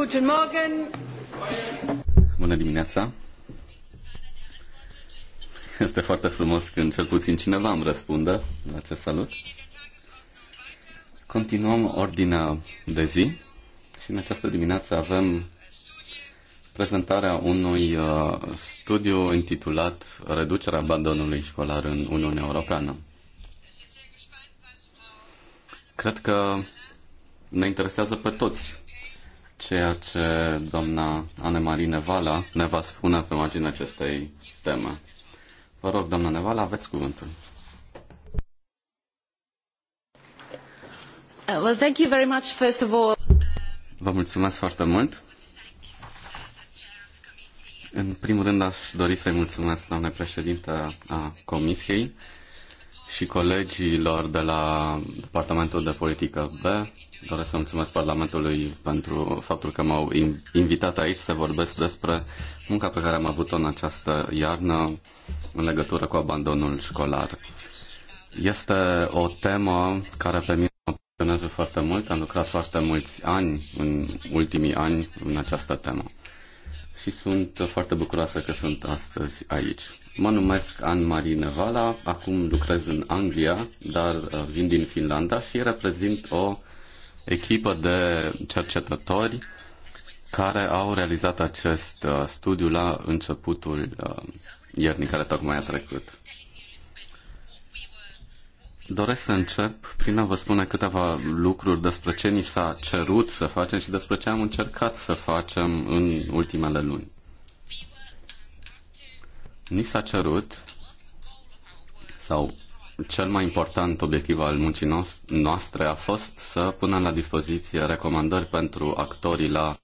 Guten Morgen. Bună dimineața. Este foarte frumos când cel puțin cineva îmi răspundă la acest salut. Continuăm ordinea de zi și în această dimineață avem prezentarea unui uh, studiu intitulat Reducerea abandonului școlar în Uniunea Europeană. Cred că ne interesează pe toți ceea ce doamna Anemarie Nevala ne va spune pe marginea acestei teme. Vă rog, doamna Nevala, aveți cuvântul. Uh, well, thank you very much, first of all. Vă mulțumesc foarte mult. În primul rând aș dori să-i mulțumesc, doamne președinte a Comisiei, și colegilor de la Departamentul de Politică B. Doresc să mulțumesc Parlamentului pentru faptul că m-au invitat aici să vorbesc despre munca pe care am avut-o în această iarnă în legătură cu abandonul școlar. Este o temă care pe mine mă pasionează foarte mult. Am lucrat foarte mulți ani, în ultimii ani, în această temă și sunt foarte bucuroasă că sunt astăzi aici. Mă numesc Anne-Marie Nevala, acum lucrez în Anglia, dar uh, vin din Finlanda și reprezint o echipă de cercetători care au realizat acest uh, studiu la începutul uh, iernii care tocmai a trecut. Doresc să încep prin a vă spune câteva lucruri despre ce ni s-a cerut să facem și despre ce am încercat să facem în ultimele luni. Ni s-a cerut, sau cel mai important obiectiv al muncii noastre a fost să punem la dispoziție recomandări pentru actorii la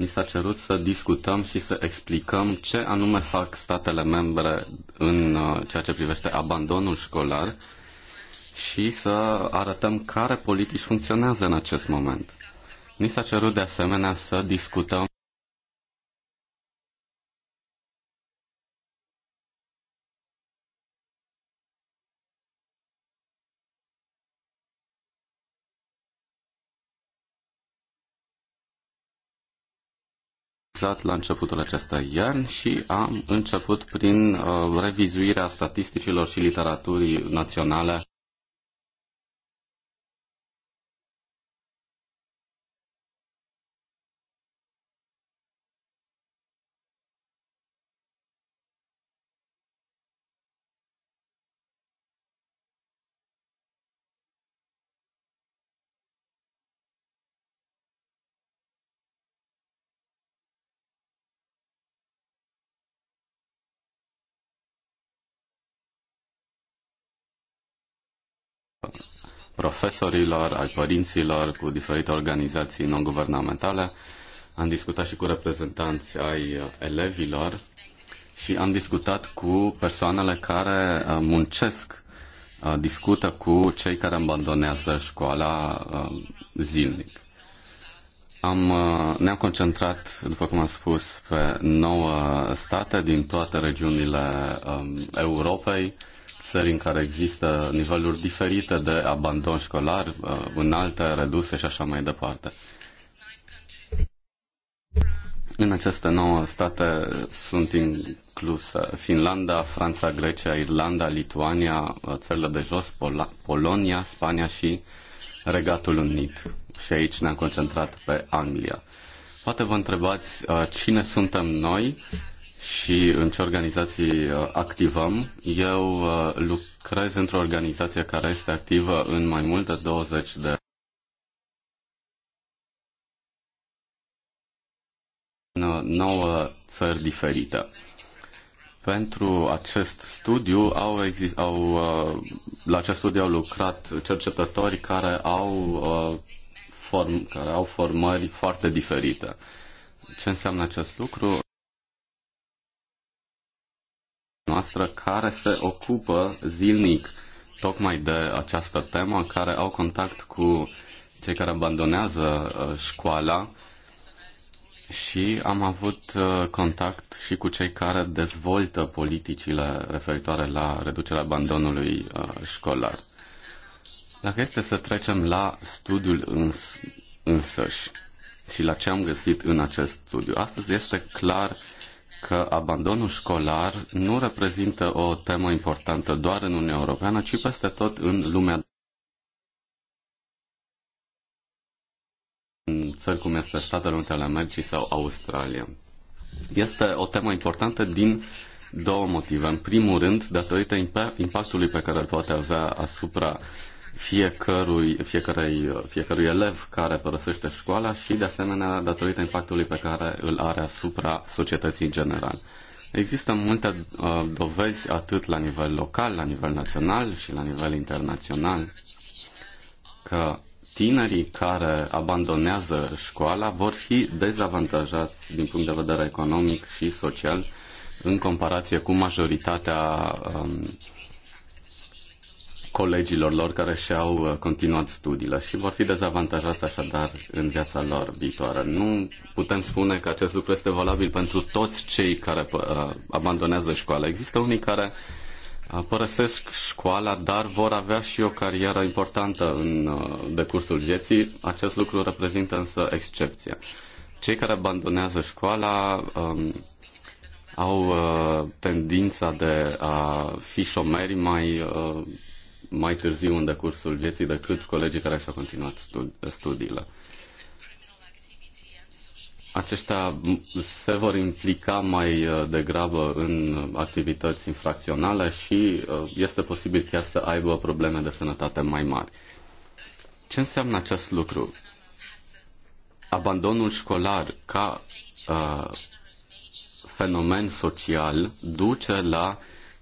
ni s-a cerut să discutăm și să explicăm ce anume fac statele membre în uh, ceea ce privește abandonul școlar și să arătăm care politici funcționează în acest moment. Ni s-a cerut de asemenea să discutăm anunțat la începutul acestui an și am început prin uh, revizuirea statisticilor și literaturii naționale profesorilor, ai părinților, cu diferite organizații non-guvernamentale. Am discutat și cu reprezentanți ai elevilor și am discutat cu persoanele care uh, muncesc, uh, discută cu cei care abandonează școala uh, zilnic. Am, ne-am concentrat, după cum am spus, pe nouă state din toate regiunile um, Europei, țări în care există niveluri diferite de abandon școlar, uh, alte reduse și așa mai departe. În aceste nouă state sunt incluse Finlanda, Franța, Grecia, Irlanda, Lituania, uh, țările de jos, Pol- Polonia, Spania și Regatul Unit. Și aici ne-am concentrat pe Anglia. Poate vă întrebați uh, cine suntem noi și în ce organizații uh, activăm. Eu uh, lucrez într-o organizație care este activă în mai mult de 20 de în 9 uh, țări diferite. Pentru acest studiu au, exist, au la acest studiu au lucrat cercetători care au form, care au formări foarte diferite. Ce înseamnă acest lucru? noastră care se ocupă zilnic tocmai de această temă, care au contact cu cei care abandonează uh, școala și am avut uh, contact și cu cei care dezvoltă politicile referitoare la reducerea abandonului uh, școlar. Dacă este să trecem la studiul îns- însăși și la ce am găsit în acest studiu, astăzi este clar uh, că abandonul școlar nu reprezintă o temă importantă doar în Uniunea Europeană, ci peste tot în lumea. În țări cum este Statele Unite ale Americii sau Australia. Este o temă importantă din două motive. În primul rând, datorită impactului pe care îl poate avea asupra uh, fiecărui, fiecarei, fiecărui elev care părăsește școala și, de asemenea, datorită impactului pe care îl are asupra societății în general. Există multe uh, dovezi atât la nivel local, la nivel național și la nivel internațional că tinerii care abandonează școala vor fi dezavantajați din punct de vedere economic și social în comparație cu majoritatea uh, colegilor lor care și-au uh, continuat studiile și vor fi dezavantajați așadar în viața lor viitoare. Nu putem spune că acest lucru este valabil pentru toți cei care uh, abandonează școala. Există unii care uh, părăsesc școala, dar vor avea și o carieră importantă în decursul vieții. Acest lucru reprezintă însă excepția. Cei care abandonează școala um, au uh, tendința de a fi șomeri mai uh, mai târziu în decursul vieții decât colegii care și-au continuat studi- studiile. Aceștia se vor implica mai uh, degrabă în activități infracționale și uh, este posibil chiar să aibă probleme de sănătate mai mari. Ce înseamnă acest lucru? Abandonul școlar ca uh, fenomen social duce la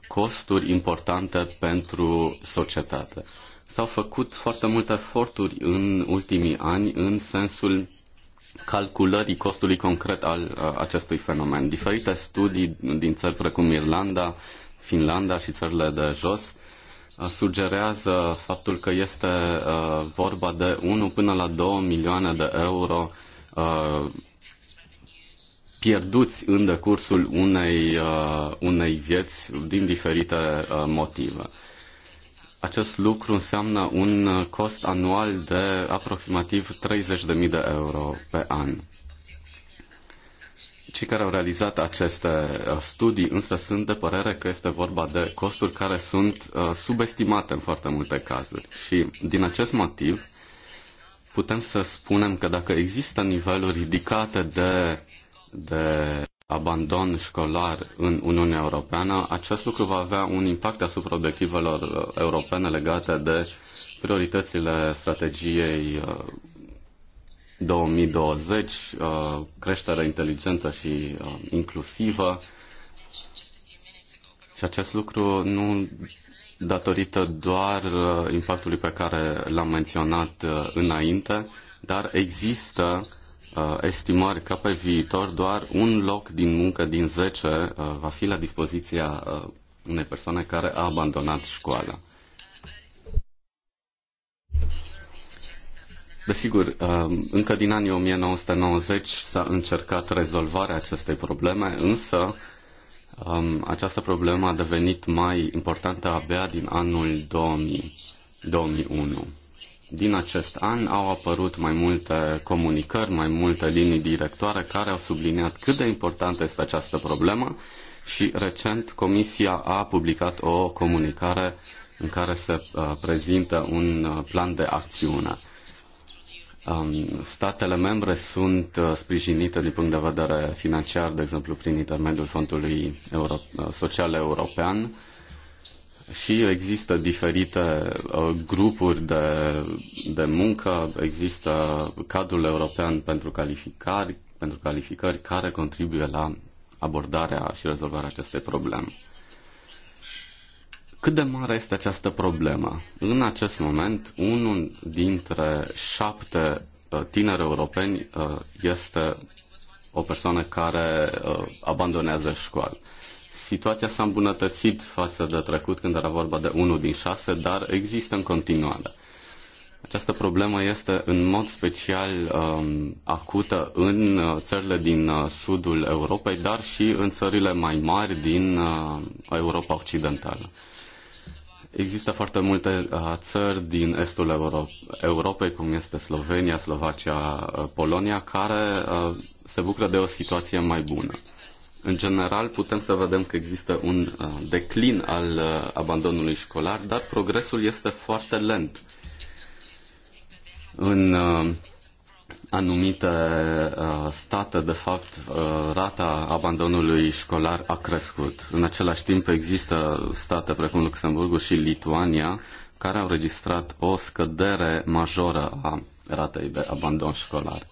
costuri importante pentru societate. S-au făcut foarte multe eforturi în ultimii ani în sensul calculării costului concret al uh, acestui fenomen. Diferite studii din țări precum Irlanda, Finlanda și țările de jos uh, sugerează faptul că este uh, vorba de 1 până la 2 milioane de euro pierduți în decursul unei, uh, unei vieți din diferite uh, motive. Acest lucru înseamnă un cost anual de aproximativ 30.000 de euro pe an. Cei care au realizat aceste uh, studii însă sunt de părere că este vorba de costuri care sunt uh, subestimate în foarte multe cazuri și din acest motiv putem să spunem că dacă există niveluri ridicate de de abandon școlar în Uniunea Europeană, acest lucru va avea un impact asupra obiectivelor uh, europene legate de prioritățile strategiei 2020, uh, uh, creșterea inteligentă și inclusivă. Și acest lucru nu datorită doar impactului pe care l-am menționat înainte, dar există Uh, estimări că pe viitor doar un loc din muncă din 10 uh, va fi la dispoziția uh, unei persoane care a abandonat școala. Desigur, încă din anii 1990 s-a încercat rezolvarea acestei probleme, însă um, această problemă a devenit mai importantă abia din anul 2000, 2001 din acest an au apărut mai multe comunicări, mai multe linii directoare care au subliniat cât de importantă este această problemă și recent Comisia a publicat o comunicare în care se uh, prezintă un uh, plan de acțiune. Um, statele membre sunt uh, sprijinite din punct de vedere financiar, de exemplu, prin intermediul Fondului Euro- Social European, și există diferite uh, grupuri de, de muncă, există cadrul european pentru calificări, pentru calificări care contribuie la abordarea și rezolvarea acestei probleme. Cât de mare este această problemă? În acest moment, unul dintre șapte uh, tineri europeni uh, este o persoană care abandonează școala situația s-a îmbunătățit față de trecut când era vorba de 1 din 6, dar există în continuare. Această problemă este în mod special um, acută în uh, țările din uh, sudul Europei, dar și în țările mai mari din uh, Europa Occidentală. Există foarte multe uh, țări din estul Euro- Europei, cum este Slovenia, Slovacia, uh, Polonia, care uh, se bucură de o situație mai bună. În general, putem să vedem că există un uh, declin al uh, abandonului școlar, dar progresul este foarte lent. În uh, anumite state, de fapt, rata abandonului școlar a crescut. În același timp, există state precum Luxemburgul și Lituania care au registrat o scădere majoră a ratei de abandon școlar.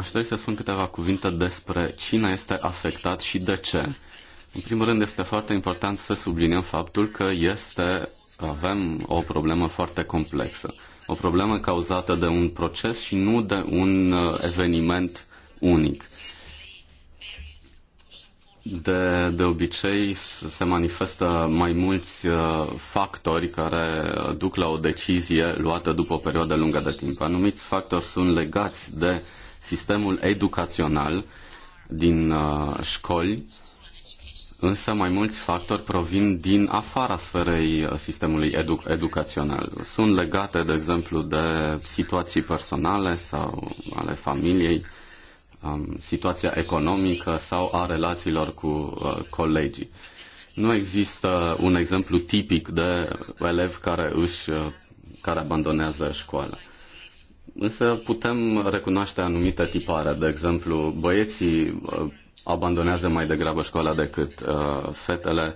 Aș dori să spun câteva cuvinte despre cine este afectat și de ce. În primul rând, este foarte important să subliniem faptul că este, avem o problemă foarte complexă. O problemă cauzată de un proces și nu de un uh, eveniment unic. De, de obicei se manifestă mai mulți uh, factori care duc la o decizie luată după o perioadă lungă de timp. Anumiți factori sunt legați de uh, sistemul educațional din uh, școli, însă mai mulți factori provin din afara sferei uh, sistemului edu- educațional. Sunt legate, de exemplu, de situații personale sau ale familiei, um, situația economică sau a relațiilor cu uh, colegii. Nu există un exemplu tipic de elev care își care abandonează școala. Însă putem recunoaște anumite tipare, de exemplu, băieții uh, abandonează mai degrabă școala decât uh, fetele,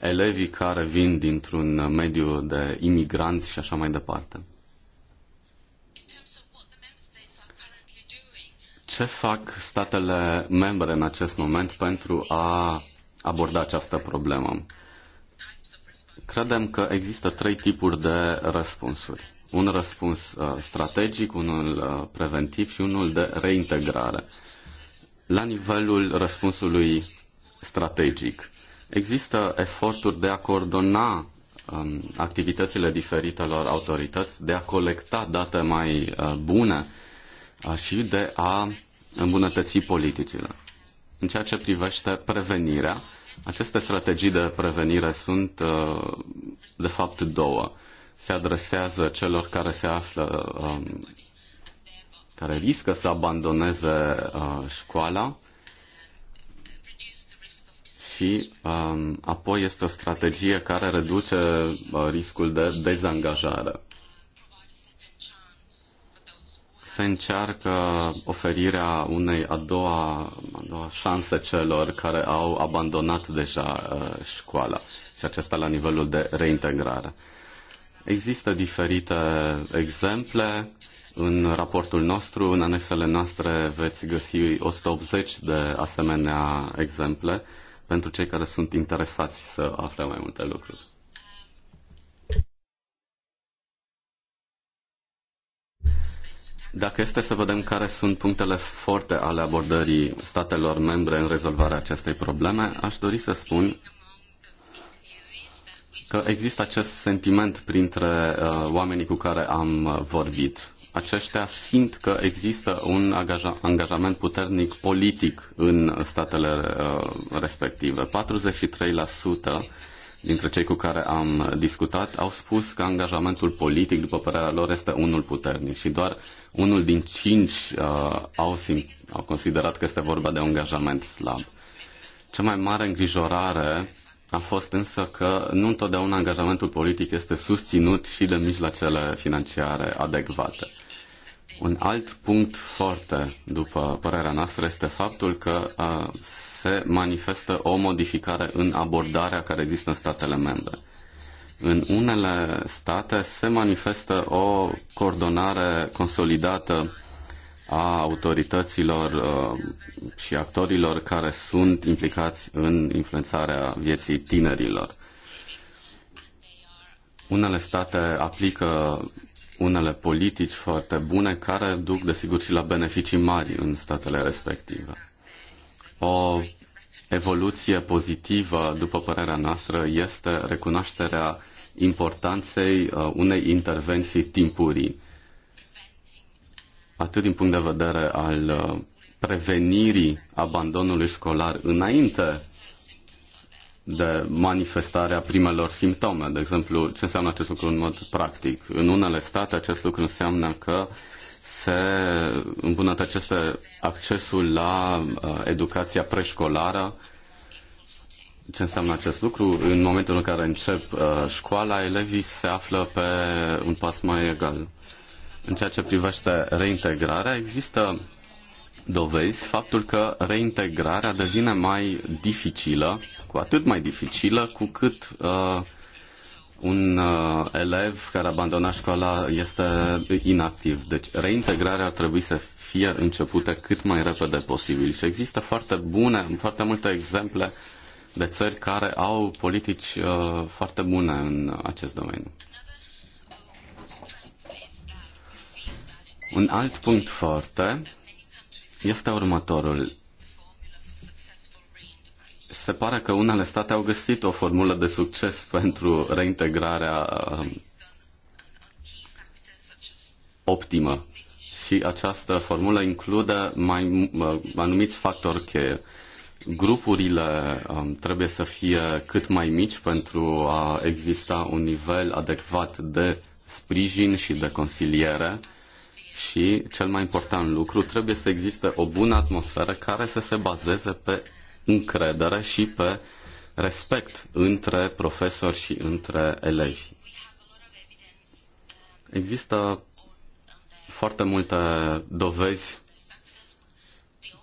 elevii care vin dintr-un mediu de imigranți și așa mai departe. Ce fac statele membre în acest moment pentru a aborda această problemă? Credem că există trei tipuri de răspunsuri un răspuns uh, strategic, unul uh, preventiv și unul de reintegrare. La nivelul răspunsului strategic, există eforturi de a coordona um, activitățile diferitelor autorități, de a colecta date mai uh, bune și de a îmbunătăți politicile. În ceea ce privește prevenirea, aceste strategii de prevenire sunt, de fapt, două se adresează celor care se află, um, care riscă să abandoneze uh, școala și um, apoi este o strategie care reduce uh, riscul de dezangajare. Se încearcă oferirea unei a doua, a doua șanse celor care au abandonat deja uh, școala și acesta la nivelul de reintegrare. Există diferite exemple. În raportul nostru, în anexele noastre, veți găsi 180 de asemenea exemple pentru cei care sunt interesați să afle mai multe lucruri. Dacă este să vedem care sunt punctele forte ale abordării statelor membre în rezolvarea acestei probleme, aș dori să spun că există acest sentiment printre uh, oamenii cu care am uh, vorbit. Aceștia simt că există un angaja- angajament puternic politic în statele uh, respective. 43% dintre cei cu care am discutat au spus că angajamentul politic, după părerea lor, este unul puternic și doar unul din cinci uh, au, sim- au considerat că este vorba de un angajament slab. Cea mai mare îngrijorare a fost însă că nu întotdeauna angajamentul politic este susținut și de mijloacele financiare adecvate. Un alt punct foarte, după părerea noastră, este faptul că se manifestă o modificare în abordarea care există în statele membre. În unele state se manifestă o coordonare consolidată a autorităților uh, și actorilor care sunt implicați în influențarea vieții tinerilor. Unele state aplică unele politici foarte bune care duc, desigur, și la beneficii mari în statele respective. O evoluție pozitivă, după părerea noastră, este recunoașterea importanței uh, unei intervenții timpurii atât din punct de vedere al uh, prevenirii abandonului școlar înainte de manifestarea primelor simptome. De exemplu, ce înseamnă acest lucru în mod practic? În unele state acest lucru înseamnă că se îmbunătățește accesul la uh, educația preșcolară. Ce înseamnă acest lucru? În momentul în care încep uh, școala, elevii se află pe un pas mai egal. În ceea ce privește reintegrarea, există dovezi faptul că reintegrarea devine mai dificilă, cu atât mai dificilă cu cât uh, un uh, elev care abandona școala este inactiv. Deci reintegrarea ar trebui să fie începută cât mai repede posibil. Și există foarte bune, foarte multe exemple de țări care au politici uh, foarte bune în acest domeniu. Un alt punct foarte este următorul. Se pare că unele state au găsit o formulă de succes pentru reintegrarea um, optimă și această formulă include mai uh, anumiți factori cheie. Grupurile um, trebuie să fie cât mai mici pentru a exista un nivel adecvat de sprijin și de consiliere și cel mai important lucru, trebuie să existe o bună atmosferă care să se bazeze pe încredere și pe respect între profesori și între elevi. Există foarte multe dovezi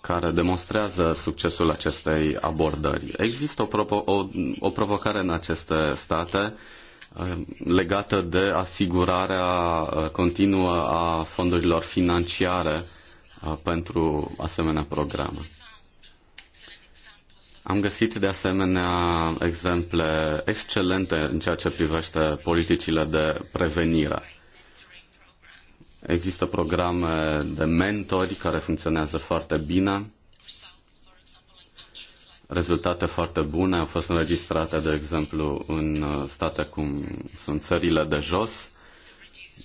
care demonstrează succesul acestei abordări. Există o, provo- o, o provocare în aceste state legată de asigurarea uh, continuă a fondurilor financiare uh, pentru asemenea programe. Am găsit de asemenea exemple excelente în ceea ce privește politicile de prevenire. Există programe de mentori care funcționează foarte bine Rezultate foarte bune au fost înregistrate, de exemplu, în uh, state cum sunt țările de jos,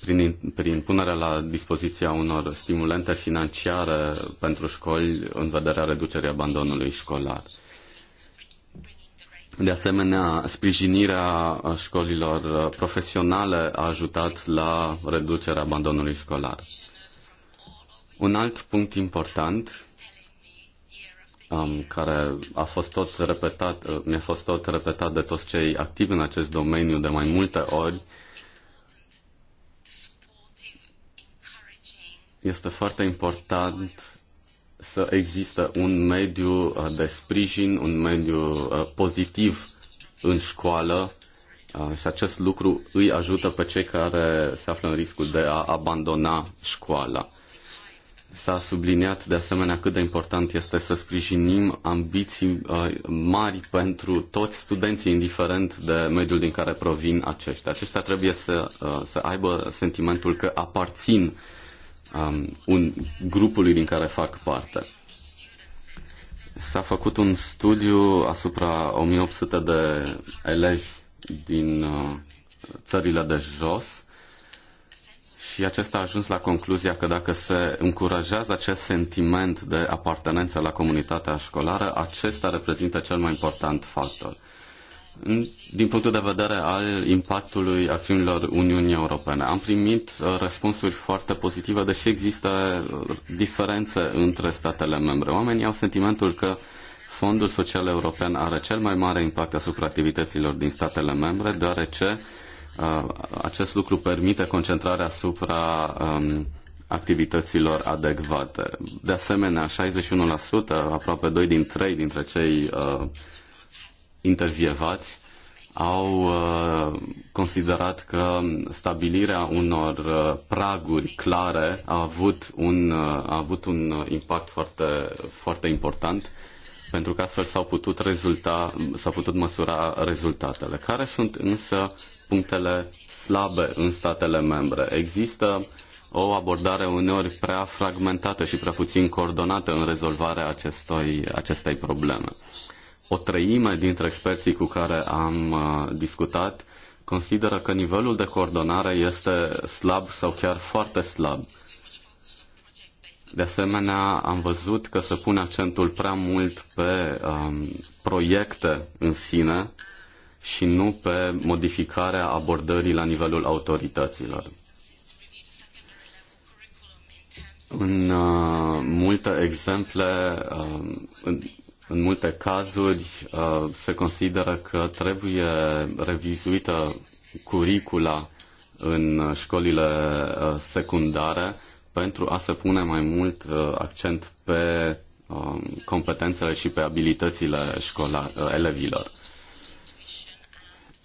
prin, prin punerea la dispoziția unor stimulente financiare pentru școli în vederea reducerii abandonului școlar. De asemenea, sprijinirea școlilor profesionale a ajutat la reducerea abandonului școlar. Un alt punct important um, care a fost tot repetat, uh, ne-a fost tot repetat de toți cei activi în acest domeniu de mai multe ori, este foarte important să existe un mediu uh, de sprijin, un mediu uh, pozitiv în școală și acest lucru îi ajută pe cei care se află în riscul de a abandona școala. S-a subliniat de asemenea cât de important este să sprijinim ambiții uh, mari pentru toți studenții, indiferent de mediul din care provin aceștia. Aceștia trebuie să, uh, să aibă sentimentul că aparțin um, un grupului din care fac parte. S-a făcut un studiu asupra 1800 de elevi din uh, țările de jos și acesta a ajuns la concluzia că dacă se încurajează acest sentiment de apartenență la comunitatea școlară, acesta reprezintă cel mai important factor. Din punctul de vedere al impactului acțiunilor Uniunii Europene, am primit uh, răspunsuri foarte pozitive, deși există uh, diferențe între statele membre. Oamenii au sentimentul că Fondul Social European are cel mai mare impact asupra activităților din statele membre, deoarece uh, Uh, acest lucru permite concentrarea asupra um, activităților adecvate. De asemenea, 61%, aproape 2 din 3 dintre cei uh, intervievați, au uh, considerat că stabilirea unor uh, praguri clare a avut un, uh, a avut un impact foarte, foarte important pentru că astfel s-au putut, rezulta, s-au putut măsura rezultatele. Care sunt însă uh, punctele slabe în statele membre. Există o abordare uneori prea fragmentată și prea puțin coordonată în rezolvarea acestui, acestei probleme. O treime dintre experții cu care am uh, discutat consideră că nivelul de coordonare este slab sau chiar foarte slab. De asemenea, am văzut că se pune accentul prea mult pe um, proiecte în sine și nu pe modificarea abordării la nivelul autorităților. În uh, multe exemple, uh, în, în multe cazuri, uh, se consideră că trebuie revizuită curicula în școlile uh, secundare pentru a se pune mai mult uh, accent pe uh, competențele și pe abilitățile școlar- uh, elevilor. Uh,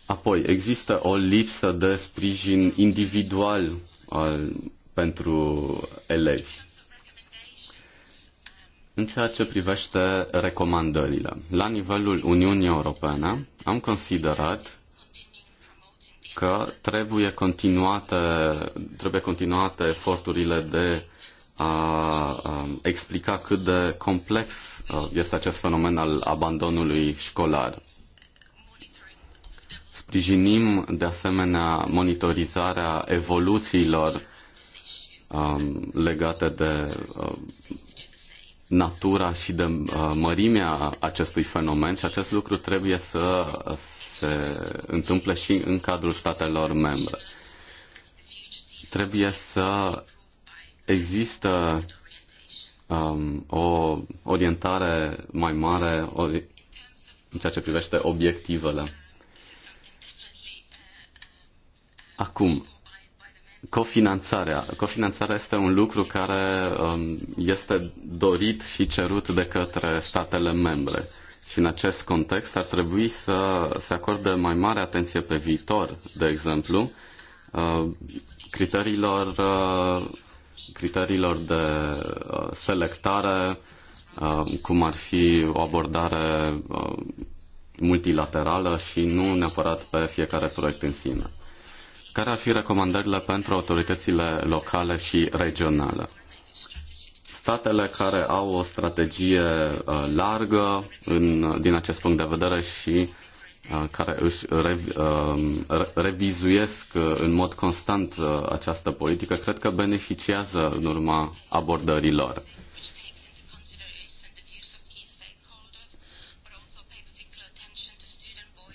Apoi, există o lipsă de sprijin individual al, pentru elevi. În ceea ce privește recomandările, la nivelul Uniunii Europene, am considerat că trebuie continuate, trebuie continuate eforturile de a explica cât de complex uh, este acest fenomen al abandonului școlar. Sprijinim, de asemenea, monitorizarea evoluțiilor um, legate de um, natura și de uh, mărimea acestui fenomen și acest lucru trebuie să se întâmple și în cadrul statelor membre. Trebuie să există um, o orientare mai mare ori, în ceea ce privește obiectivele. Acum, cofinanțarea. Cofinanțarea este un lucru care um, este dorit și cerut de către statele membre. Și în acest context ar trebui să se acorde mai mare atenție pe viitor, de exemplu, uh, criteriilor, uh, criteriilor de uh, selectare, cum ar fi o abordare multilaterală și nu neapărat pe fiecare proiect în sine. Care ar fi recomandările pentru autoritățile locale și regionale? Statele care au o strategie uh, largă în, din acest punct de vedere și uh, care își uh, revizuiesc în mod constant această politică, cred că beneficiază în urma abordărilor.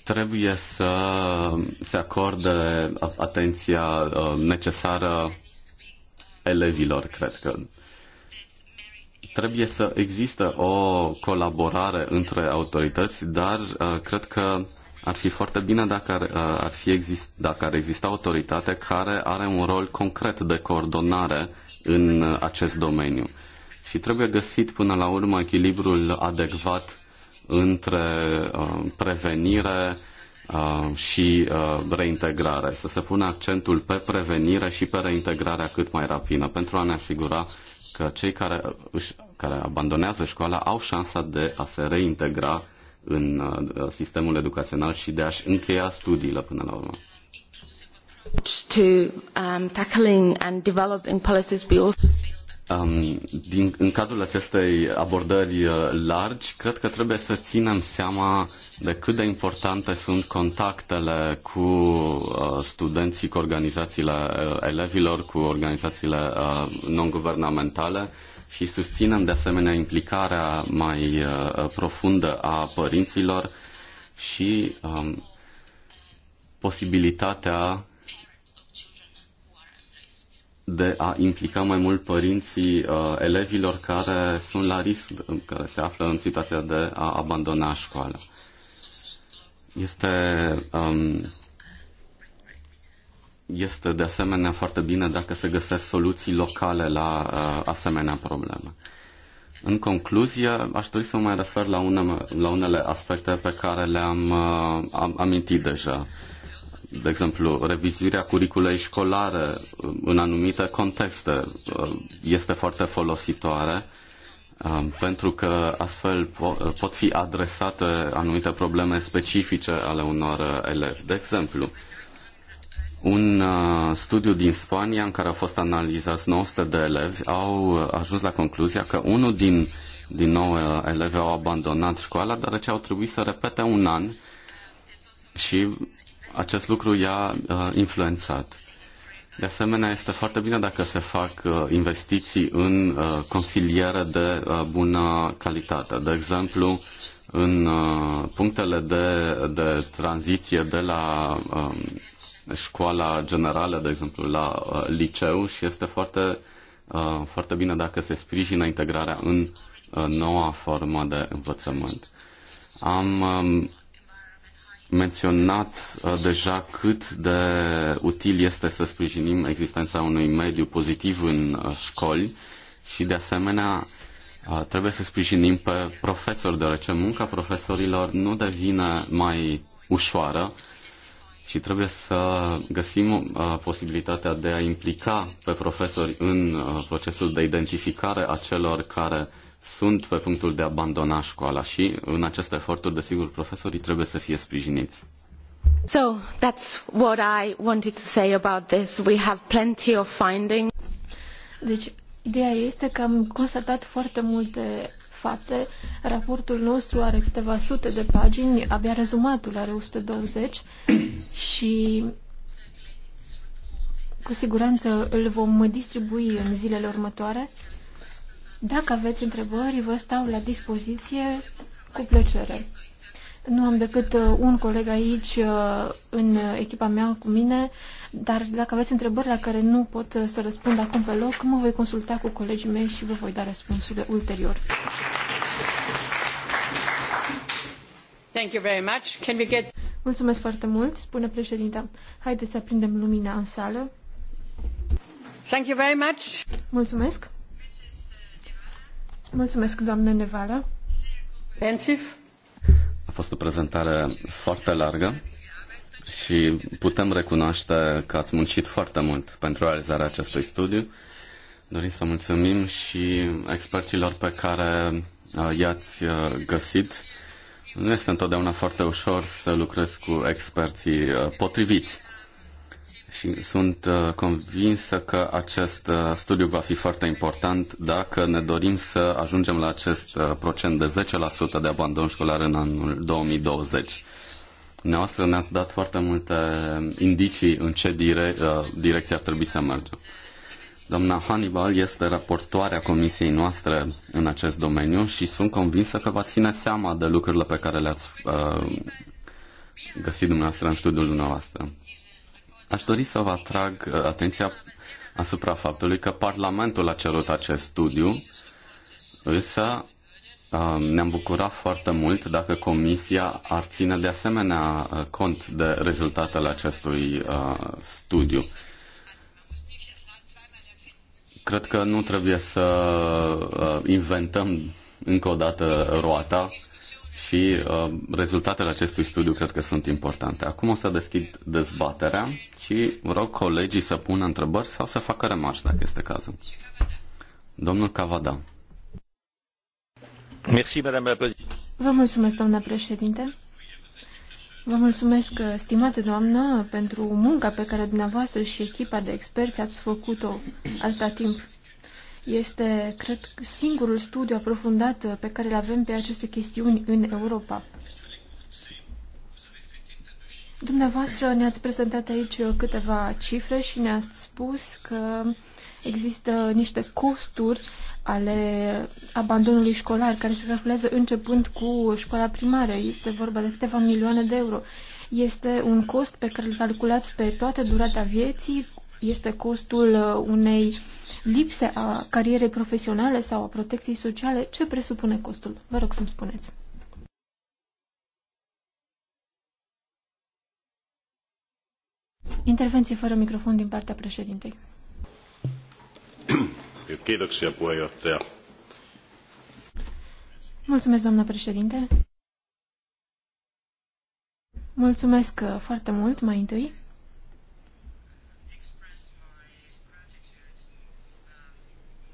trebuie să se acorde atenția uh, necesară elevilor, cred că. Trebuie să există o colaborare între autorități, dar uh, cred că ar fi foarte bine dacă ar, uh, ar fi exist, dacă ar exista autoritate care are un rol concret de coordonare în acest domeniu. Și trebuie găsit până la urmă echilibrul adecvat între uh, prevenire uh, și uh, reintegrare, să se pună accentul pe prevenire și pe reintegrarea cât mai rapidă, pentru a ne asigura că cei care, își, care abandonează școala au șansa de a se reintegra în sistemul educațional și de a-și încheia studiile până la urmă. To um, tackling and developing policies, we also um, din, în cadrul acestei abordări uh, largi, cred că trebuie să ținem seama de cât de importante sunt contactele cu uh, studenții, cu organizațiile uh, elevilor, cu organizațiile uh, non-guvernamentale și susținem de asemenea implicarea mai uh, profundă a părinților și um, posibilitatea de a implica mai mult părinții uh, elevilor care sunt la risc, care se află în situația de a abandona școala. Este, um, este de asemenea foarte bine dacă se găsesc soluții locale la uh, asemenea probleme. În concluzie, aș dori să mă mai refer la, une, la unele aspecte pe care le-am uh, am, amintit deja. Uh, de exemplu, revizuirea curiculei școlare în anumite contexte uh, este foarte folositoare uh, pentru că astfel uh, pot fi adresate anumite probleme specifice ale unor elevi. De exemplu, un studiu din Spania în care au fost analizați 900 de elevi au ajuns la concluzia că unul din, din nou elevi au abandonat școala, deoarece au trebuit să repete un an și acest lucru i-a uh, influențat. De asemenea, este foarte bine dacă se fac uh, investiții în uh, consiliere de bună calitate. De exemplu, în punctele de, de tranziție de la um, școala generală, de exemplu, la liceu și este foarte, foarte bine dacă se sprijină integrarea în noua formă de învățământ. Am um, menționat uh, deja cât de util este să sprijinim existența unui mediu pozitiv în uh, școli și, de asemenea, uh, trebuie să sprijinim pe profesori, deoarece munca profesorilor nu devine mai ușoară și trebuie să găsim posibilitatea de a implica pe profesori în procesul de identificare a celor care sunt pe punctul de a abandona școala și în aceste eforturi, desigur, profesorii trebuie să fie sprijiniți. So, that's what I wanted to say about this. We have plenty of findings. Deci, ideea este că am constatat foarte multe fapte. Raportul nostru are câteva sute de pagini, abia rezumatul are 120 și cu siguranță îl vom distribui în zilele următoare. Dacă aveți întrebări, vă stau la dispoziție cu plăcere. Nu am decât uh, un coleg aici uh, în echipa mea cu mine, dar dacă aveți întrebări la care nu pot uh, să răspund acum pe loc, mă voi consulta cu colegii mei și vă voi da răspunsurile ulterior. Thank you very much. Can we get... Mulțumesc foarte mult, spune președinta. Haideți să aprindem lumina în sală. Thank you very much. Mulțumesc. Mulțumesc, doamne Nevala. Pensiv. A fost o prezentare foarte largă și putem recunoaște că ați muncit foarte mult pentru realizarea acestui studiu. Dorim să mulțumim și experților pe care uh, i-ați uh, găsit. Nu este întotdeauna foarte ușor să lucrezi cu experții uh, potriviți și sunt uh, convinsă că acest uh, studiu va fi foarte important dacă ne dorim să ajungem la acest uh, procent de 10% de abandon școlar în anul 2020. Neoastră ne-ați dat foarte multe indicii în ce dire, direcție ar trebui să mergem. Doamna Hannibal este raportoarea comisiei noastre în acest domeniu și sunt convinsă că va ține seama de lucrurile pe care le-ați uh, găsit dumneavoastră în studiul dumneavoastră. Aș dori să vă atrag uh, atenția asupra faptului că Parlamentul a cerut acest studiu, însă uh, ne-am bucurat foarte mult dacă Comisia ar ține de asemenea uh, cont de rezultatele acestui studiu. Cred că nu trebuie să inventăm încă o dată roata și uh, rezultatele acestui studiu cred că sunt importante. Acum o să deschid dezbaterea și rog colegii să pună întrebări sau să facă remarci dacă este cazul. Domnul Cavada. Merci, madame la Vă mulțumesc, doamna președinte. Vă mulțumesc, stimată doamnă, pentru munca pe care dumneavoastră și echipa de experți ați făcut-o atâta timp. Este, cred, singurul studiu aprofundat uh, pe care îl avem pe aceste chestiuni în Europa. Dumneavoastră ne-ați prezentat aici uh, câteva cifre și ne-ați spus că există niște costuri ale abandonului școlar care se calculează începând cu școala primară. Este vorba de câteva milioane de euro. Este un cost pe care îl calculați pe toată durata vieții este costul uh, unei lipse a carierei profesionale sau a protecției sociale? Ce presupune costul? Vă rog să-mi spuneți. Intervenție fără microfon din partea președintei. Kiitoksia, puheenjohtaja. Mulțumesc, doamnă președinte. Mulțumesc uh, foarte mult, mai întâi.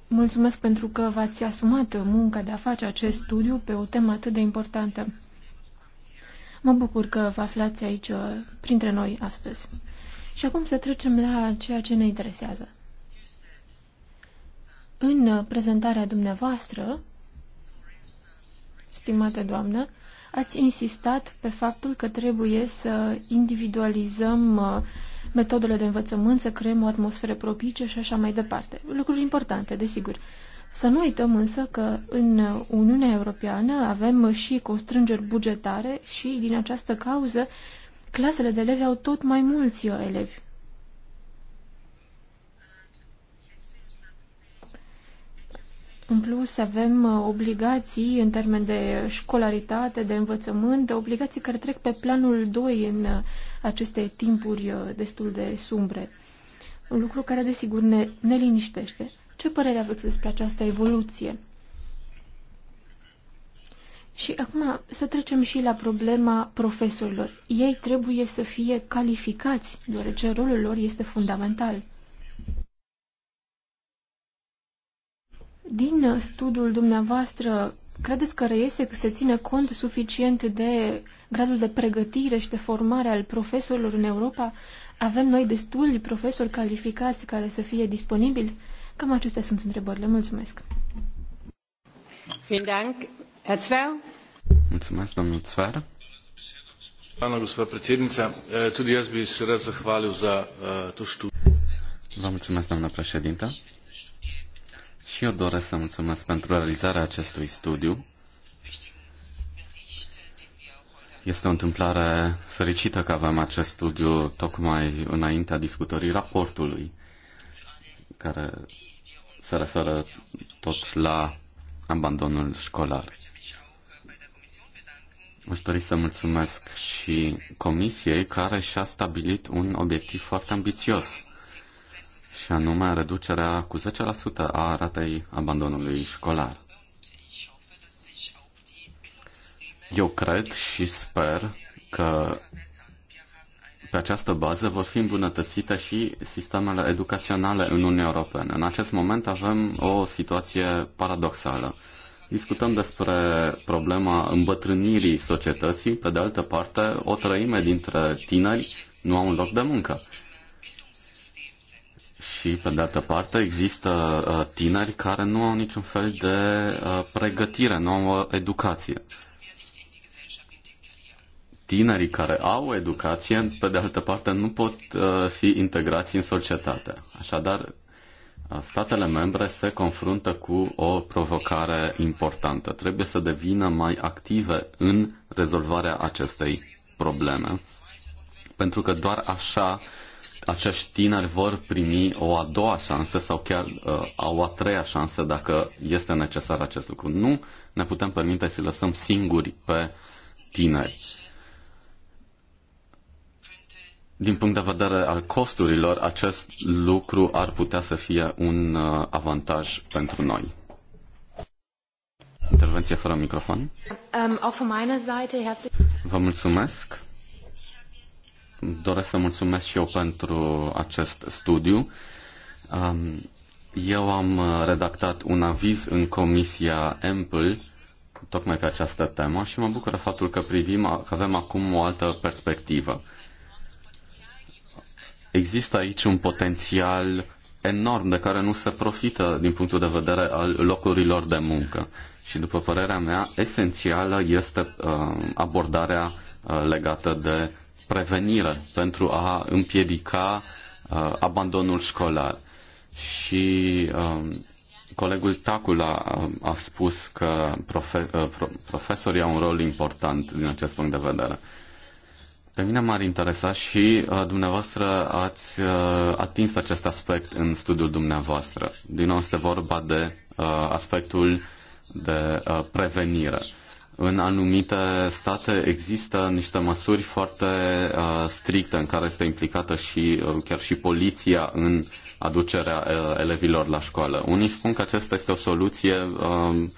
Mulțumesc pentru că v-ați asumat munca de a face acest studiu pe o temă atât de importantă. Mă bucur că vă aflați aici uh, printre noi astăzi. Și acum să trecem la ceea ce ne interesează. În uh, prezentarea dumneavoastră, stimată doamnă, ați insistat pe faptul că trebuie să individualizăm uh, metodele de învățământ, să creăm o atmosferă propice și așa mai departe. Lucruri importante, desigur. Să nu uităm însă că în Uniunea Europeană avem și constrângeri bugetare și din această cauză clasele de elevi au tot mai mulți elevi. În plus, avem uh, obligații în termen de școlaritate, de învățământ, obligații care trec pe planul 2 în uh, aceste timpuri uh, destul de sumbre. Un lucru care, desigur, ne, ne liniștește. Ce părere aveți despre această evoluție? Și acum să trecem și la problema profesorilor. Ei trebuie să fie calificați, deoarece rolul lor este fundamental. Din studiul dumneavoastră, credeți că reiese că se ține cont suficient de gradul de pregătire și de formare al profesorilor în Europa? Avem noi destuli profesori calificați care să fie disponibili? Cam acestea sunt întrebările. Mulțumesc. Mulțumesc, domnul Cver. Ana, gospa predsednica, tudi jaz bi se rad zahvalil za to știu. Vă mulțumesc, doamna președintă. Și eu doresc să mulțumesc pentru realizarea acestui studiu. Este o întâmplare fericită că avem acest studiu tocmai înaintea discutării raportului, care se referă tot la abandonul școlar. Aș dori să mulțumesc și comisiei care și-a stabilit un obiectiv foarte ambițios și anume reducerea cu 10% a ratei abandonului școlar. Eu cred și sper că pe această bază vor fi îmbunătățite și sistemele educaționale în Uniunea Europeană. În acest moment avem o situație paradoxală. Discutăm despre problema îmbătrânirii societății, pe de altă parte, o trăime dintre tineri nu au un loc de muncă. Și, pe de altă parte, există uh, tineri care nu au niciun fel de uh, pregătire, nu au educație. Tinerii care au educație, pe de altă parte, nu pot uh, fi integrați în societate. Așadar, statele membre se confruntă cu o provocare importantă. Trebuie să devină mai active în rezolvarea acestei probleme, pentru că doar așa acești tineri vor primi o a doua șansă sau chiar uh, o a treia șansă dacă este necesar acest lucru. Nu ne putem permite să lăsăm singuri pe tineri. Din punct de vedere al costurilor, acest lucru ar putea să fie un uh, avantaj pentru noi. Intervenție fără microfon. Um, Vă mulțumesc doresc să mulțumesc și eu pentru acest studiu. Eu am redactat un aviz în comisia Ample tocmai pe această temă și mă bucură faptul că privim, că avem acum o altă perspectivă. Există aici un potențial enorm de care nu se profită din punctul de vedere al locurilor de muncă. Și după părerea mea, esențială este uh, abordarea uh, legată de prevenire, pentru a împiedica uh, abandonul școlar. Și uh, colegul Tacul a, a spus că profe, uh, pro, profesorii au un rol important din acest punct de vedere. Pe mine m-ar interesa și uh, dumneavoastră ați uh, atins acest aspect în studiul dumneavoastră. Din nou este vorba de uh, aspectul de uh, prevenire. Uh, în anumite state există niște măsuri foarte uh, stricte în care este implicată și uh, chiar și poliția în aducerea uh, elevilor la școală. Unii spun că aceasta este o soluție uh,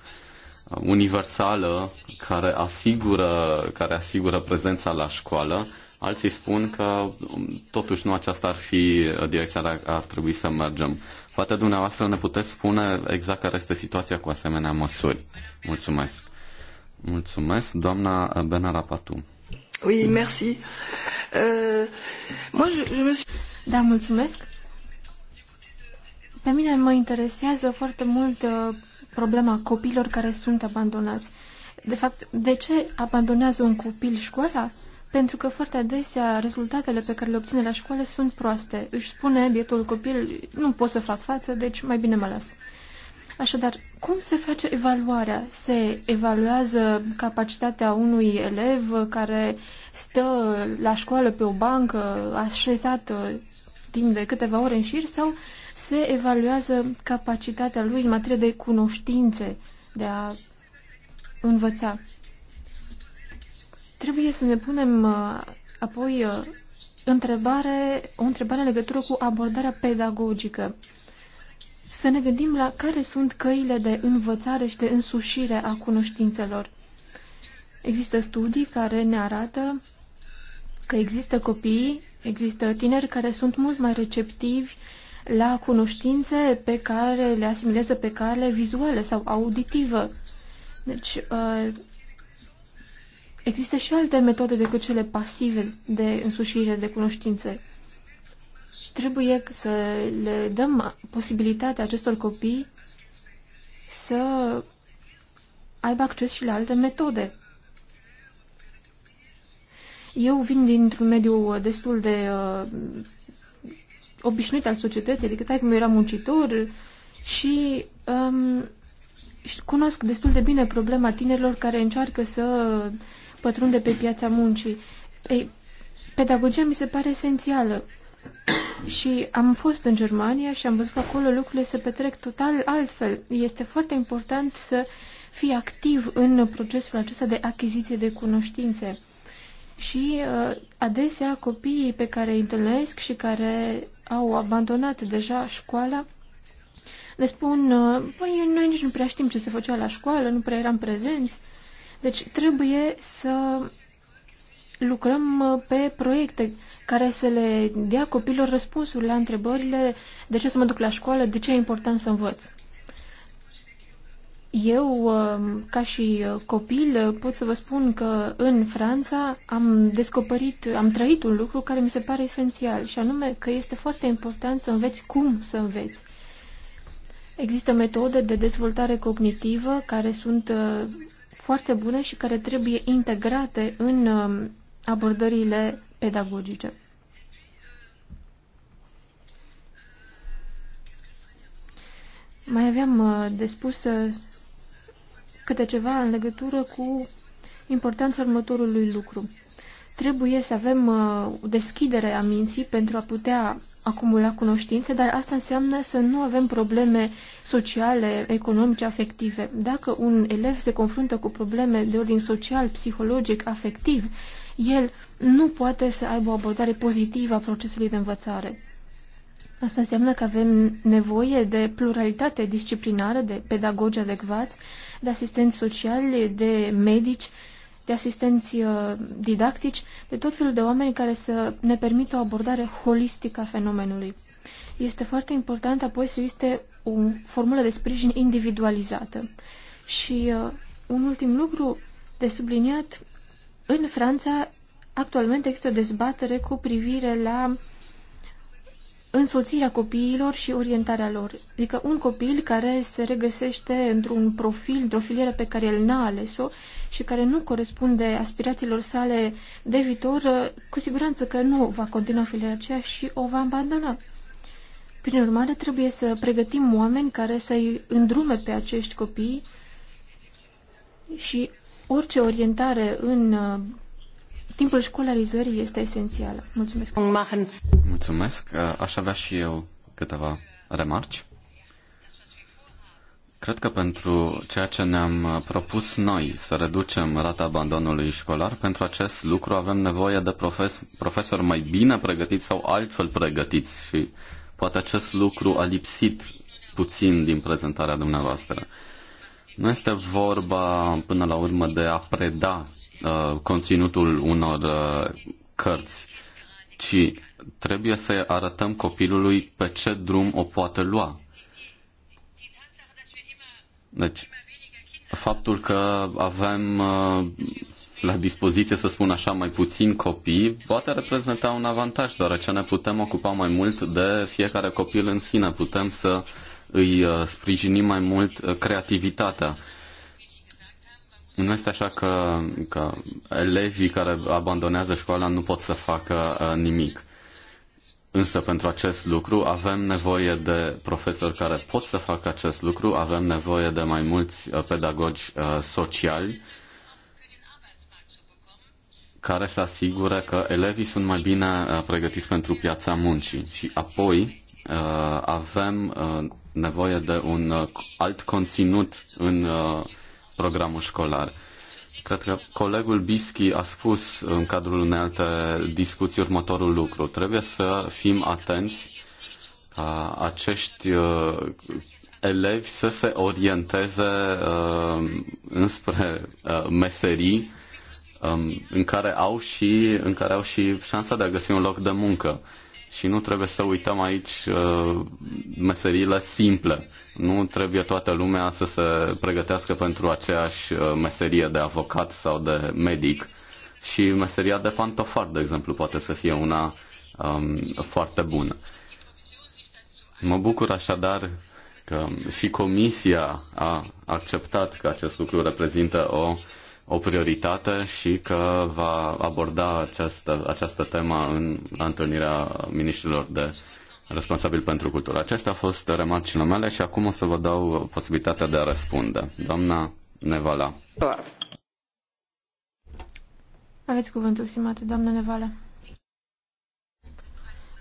universală care asigură, care asigură prezența la școală. Alții spun că um, totuși nu aceasta ar fi direcția la care ar trebui să mergem. Poate dumneavoastră ne puteți spune exact care este situația cu asemenea măsuri. Mulțumesc. Mulțumesc, doamna uh, Bena Rapatu. Oui, merci. Uh, moi, je, je me suis... Da, mulțumesc. Pe mine mă interesează foarte mult uh, problema copilor care sunt abandonați. De fapt, de ce abandonează un copil școala? Pentru că foarte adesea rezultatele pe care le obține la școală sunt proaste. Își spune bietul copil, nu pot să fac față, deci mai bine mă las. Așadar, cum se face evaluarea? Se evaluează capacitatea unui elev care stă la școală pe o bancă așezată uh, timp de câteva ore în șir sau se evaluează capacitatea lui în materie de cunoștințe de a învăța? Trebuie să ne punem uh, apoi uh, întrebare, o întrebare în legătură cu abordarea pedagogică să ne gândim la care sunt căile de învățare și de însușire a cunoștințelor. Există studii care ne arată că există copii, există tineri care sunt mult mai receptivi la cunoștințe pe care le asimilează pe cale vizuală sau auditivă. Deci, uh, există și alte metode decât cele pasive de însușire de cunoștințe. Și deci trebuie să le dăm posibilitatea acestor copii să aibă acces și la alte metode. Eu vin dintr-un mediu uh, destul de uh, obișnuit al societății, adică tai cum era muncitor și um, cunosc destul de bine problema tinerilor care încearcă să pătrunde pe piața muncii. Ei, pedagogia mi se pare esențială. Și am fost în Germania și am văzut că acolo lucrurile se petrec total altfel. Este foarte important să fii activ în procesul acesta de achiziție de cunoștințe. Și uh, adesea copiii pe care îi întâlnesc și care au abandonat deja școala le spun, uh, păi noi nici nu prea știm ce se făcea la școală, nu prea eram prezenți. Deci trebuie să lucrăm uh, pe proiecte care să le dea copilor răspunsuri la întrebările de ce să mă duc la școală, de ce e important să învăț. Eu, um, ca și copil, pot să vă spun că în Franța am descoperit, am trăit un lucru care mi se pare esențial, și anume că este foarte important să înveți cum să înveți. Există metode de dezvoltare cognitivă care sunt uh, foarte bune și care trebuie integrate în um, abordările pedagogice. Mai aveam uh, de spus uh, câte ceva în legătură cu importanța următorului lucru. Trebuie să avem o uh, deschidere a minții pentru a putea acumula cunoștințe, dar asta înseamnă să nu avem probleme sociale, economice, afective. Dacă un elev se confruntă cu probleme de ordin social, psihologic, afectiv, el nu poate să aibă o abordare pozitivă a procesului de învățare. Asta înseamnă că avem nevoie de pluralitate disciplinară, de pedagogi adecvați, de asistenți sociali, de medici, de asistenți uh, didactici, de tot felul de oameni care să ne permită o abordare holistică a fenomenului. Este foarte important apoi să existe o formulă de sprijin individualizată. Și uh, un ultim lucru de subliniat în Franța, actualmente există o dezbatere cu privire la însoțirea copiilor și orientarea lor. Adică un copil care se regăsește într-un profil, într-o filieră pe care el n-a ales-o și care nu corespunde aspirațiilor sale de viitor, cu siguranță că nu va continua filiera aceea și o va abandona. Prin urmare, trebuie să pregătim oameni care să-i îndrume pe acești copii și orice orientare în uh, timpul școlarizării este esențială. Mulțumesc. Mulțumesc. Uh, aș avea și eu câteva remarci. Cred că pentru ceea ce ne-am uh, propus noi să reducem rata abandonului școlar, pentru acest lucru avem nevoie de profes- profesori mai bine pregătiți sau altfel pregătiți și poate acest lucru a lipsit puțin din prezentarea dumneavoastră. Nu este vorba până la urmă de a preda uh, conținutul unor uh, cărți, ci trebuie să arătăm copilului pe ce drum o poate lua. Deci, faptul că avem uh, la dispoziție, să spun așa, mai puțin copii, poate reprezenta un avantaj, deoarece ne putem ocupa mai mult de fiecare copil în sine. Putem să uh, îi uh, sprijinim mai mult uh, creativitatea. Nu este așa că, că elevii care abandonează școala nu pot să facă uh, nimic. Însă pentru acest lucru avem nevoie de profesori care pot să facă acest lucru, avem nevoie de mai mulți pedagogi sociali care să asigure că elevii sunt mai bine pregătiți pentru piața muncii. Și apoi avem nevoie de un uh, alt conținut în uh, programul școlar. Cred că colegul Bischi a spus în cadrul unei alte discuții următorul lucru. Trebuie să fim atenți ca acești uh, elevi să se orienteze înspre meserii um, în care au și în care au și șansa de a găsi un loc de muncă. Și nu trebuie să uităm aici uh, meseriile simple. Nu trebuie toată lumea să se pregătească pentru aceeași uh, meserie de avocat sau de medic. Și meseria de pantofar, de exemplu, poate să fie una um, foarte bună. Mă bucur așadar că și Comisia a acceptat că acest lucru reprezintă o uh, o prioritate și că va aborda această, această temă în la întâlnirea ministrilor de responsabil pentru cultură. Acestea au fost remarcile mele și acum o să vă dau posibilitatea de a răspunde. Doamna Nevala. Aveți cuvântul, stimată doamnă Nevala.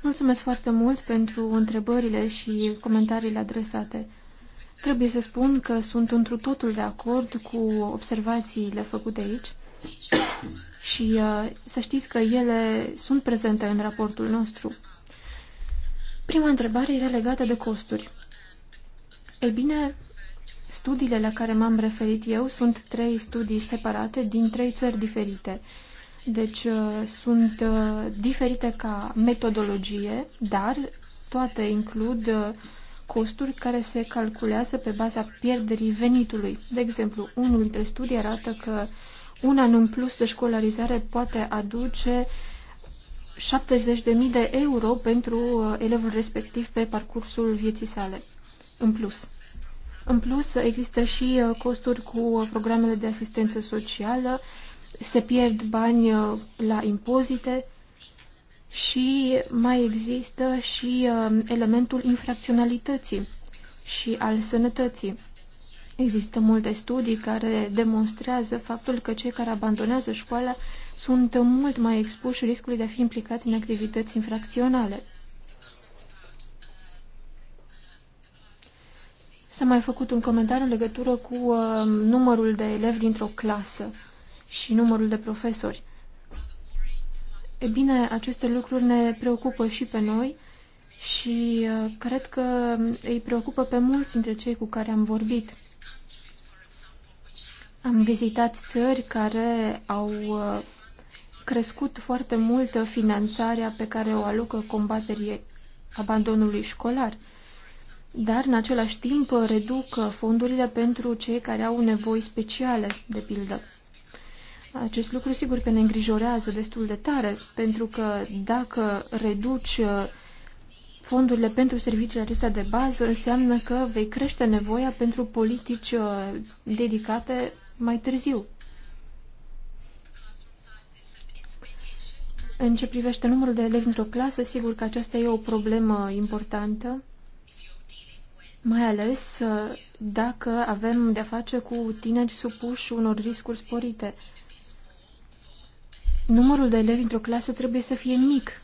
Mulțumesc foarte mult pentru întrebările și comentariile adresate. Trebuie să spun că sunt întru totul de acord cu observațiile făcute aici și uh, să știți că ele sunt prezente în raportul nostru. Prima întrebare era legată de costuri. Ei bine, studiile la care m-am referit eu sunt trei studii separate din trei țări diferite. Deci uh, sunt uh, diferite ca metodologie, dar toate includ costuri care se calculează pe baza pierderii venitului. De exemplu, unul dintre studii arată că un an în plus de școlarizare poate aduce 70.000 de euro pentru uh, elevul respectiv pe parcursul vieții sale, în plus. În plus, există și uh, costuri cu uh, programele de asistență socială, se pierd bani la impozite, și mai există și uh, elementul infracționalității și al sănătății. Există multe studii care demonstrează faptul că cei care abandonează școala sunt mult mai expuși riscului de a fi implicați în activități infracționale. S-a mai făcut un comentariu în legătură cu uh, numărul de elevi dintr-o clasă și numărul de profesori. Uh, E bine, aceste lucruri ne preocupă și pe noi și uh, cred că îi preocupă pe mulți dintre cei cu care am vorbit. Am vizitat țări care au uh, crescut foarte mult finanțarea pe care o alocă combaterii abandonului școlar, dar în același timp reduc fondurile pentru cei care au nevoi speciale, de pildă. Acest lucru sigur că ne îngrijorează destul de tare, pentru că dacă reduci uh, fondurile pentru serviciile acestea de bază, înseamnă că vei crește nevoia pentru politici uh, dedicate mai târziu. În ce privește numărul de elevi într-o clasă, sigur că aceasta e o problemă importantă, mai ales uh, dacă avem de-a face cu tineri supuși unor riscuri sporite numărul de elevi într-o clasă trebuie să fie mic.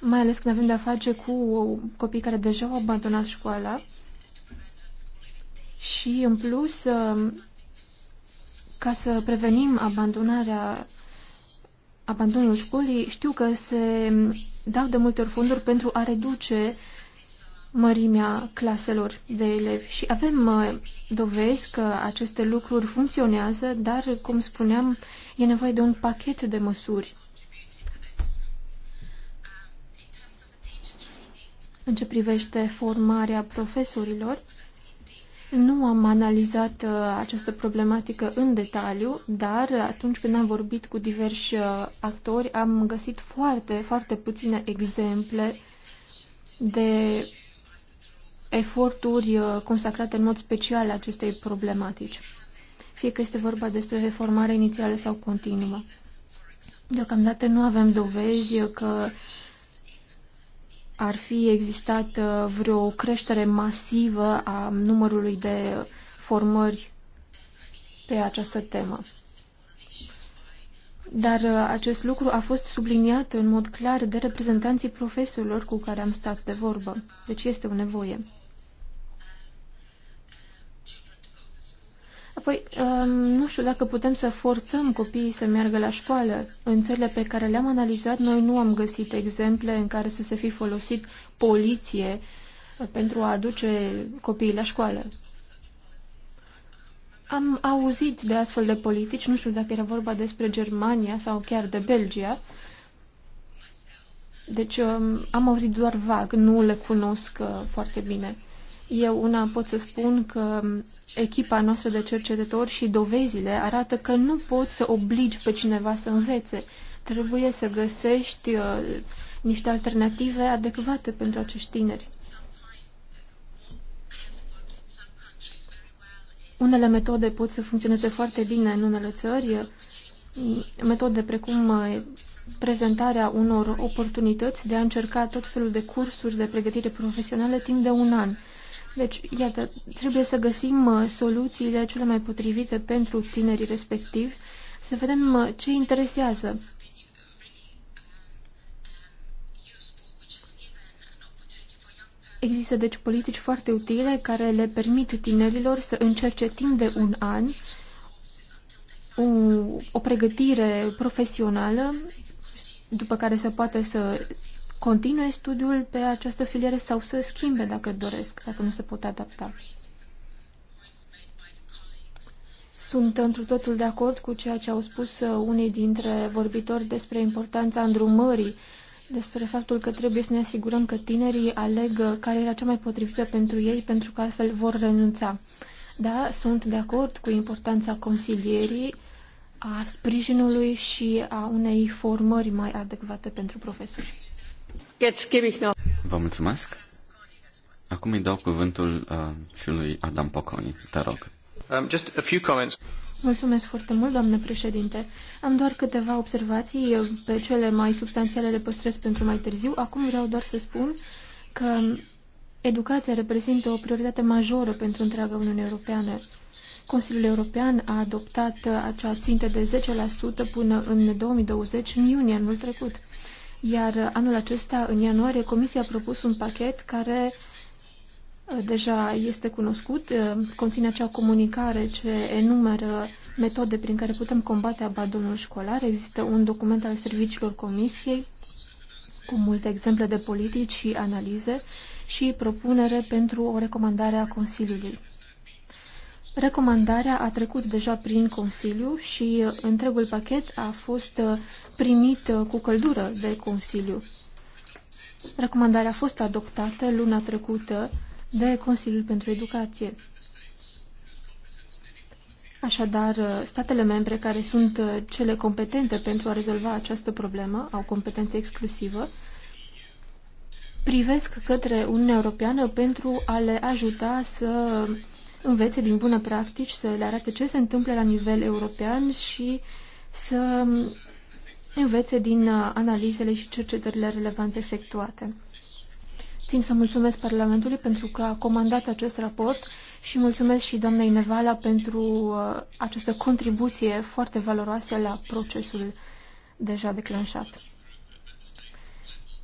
Mai ales când avem de-a face cu copii care deja au abandonat școala. Și, în plus, um, ca să prevenim abandonarea abandonul școlii, știu că se dau de multe ori fonduri pentru a reduce mărimea claselor de elevi și avem uh, dovezi că aceste lucruri funcționează, dar, cum spuneam, e nevoie de un pachet de măsuri. În ce privește formarea profesorilor, nu am analizat uh, această problematică în detaliu, dar atunci când am vorbit cu diversi uh, actori, am găsit foarte, foarte puține exemple de eforturi uh, consacrate în mod special acestei problematici, fie că este vorba despre reformare inițială sau continuă. Deocamdată nu avem dovezi că ar fi existat uh, vreo creștere masivă a numărului de formări pe această temă. Dar uh, acest lucru a fost subliniat în mod clar de reprezentanții profesorilor cu care am stat de vorbă, deci este o nevoie. Apoi, um, nu știu dacă putem să forțăm copiii să meargă la școală. În țările pe care le-am analizat, noi nu am găsit exemple în care să se fi folosit poliție uh, pentru a aduce copiii la școală. Am auzit de astfel de politici, nu știu dacă era vorba despre Germania sau chiar de Belgia, deci um, am auzit doar vag, nu le cunosc uh, foarte bine. Eu una pot să spun că um, echipa noastră de cercetători și dovezile arată că nu poți să obligi pe cineva să învețe. Trebuie să găsești uh, niște alternative adecvate pentru acești tineri. Unele metode pot să funcționeze foarte bine în unele țări, metode precum uh, prezentarea unor oportunități de a încerca tot felul de cursuri de pregătire profesională timp de un an. Deci, iată, trebuie să găsim uh, soluțiile cele mai potrivite pentru tinerii respectivi, să vedem uh, ce interesează. Există deci politici foarte utile care le permit tinerilor să încerce timp de un an o, o pregătire profesională după care să poată să continue studiul pe această filiere sau să schimbe dacă doresc, dacă nu se pot adapta. Sunt întru totul de acord cu ceea ce au spus uh, unii dintre vorbitori despre importanța îndrumării, despre faptul că trebuie să ne asigurăm că tinerii aleg uh, care era cea mai potrivită pentru ei, pentru că altfel vor renunța. Da, sunt de acord cu importanța consilierii, a sprijinului și a unei formări mai adecvate pentru profesori. Vă mulțumesc. Acum îi dau cuvântul uh, și lui Adam Poconi. Te rog. Um, just a few comments. Mulțumesc foarte mult, doamne președinte. Am doar câteva observații, pe cele mai substanțiale le păstrez pentru mai târziu. Acum vreau doar să spun că educația reprezintă o prioritate majoră pentru întreaga Uniune Europeană. Consiliul European a adoptat uh, acea țintă de 10% până în 2020, în iunie anul trecut. Iar uh, anul acesta, în ianuarie, Comisia a propus un pachet care uh, deja este cunoscut, conține acea comunicare ce enumeră metode prin care putem combate abandonul școlar. Există un document al serviciilor Comisiei cu multe exemple de politici și analize și propunere pentru o recomandare a Consiliului. Recomandarea a trecut deja prin Consiliu și uh, întregul pachet a fost uh, primit uh, cu căldură de Consiliu. Recomandarea a fost adoptată luna trecută de Consiliul pentru Educație. Așadar, statele membre care sunt cele competente pentru a rezolva această problemă, au competență exclusivă, privesc către Uniunea Europeană pentru a le ajuta să învețe din bună practici, să le arate ce se întâmplă la nivel european și să învețe din uh, analizele și cercetările relevante efectuate. Țin să mulțumesc Parlamentului pentru că a comandat acest raport și mulțumesc și doamnei Nevala pentru uh, această contribuție foarte valoroasă la procesul deja declanșat.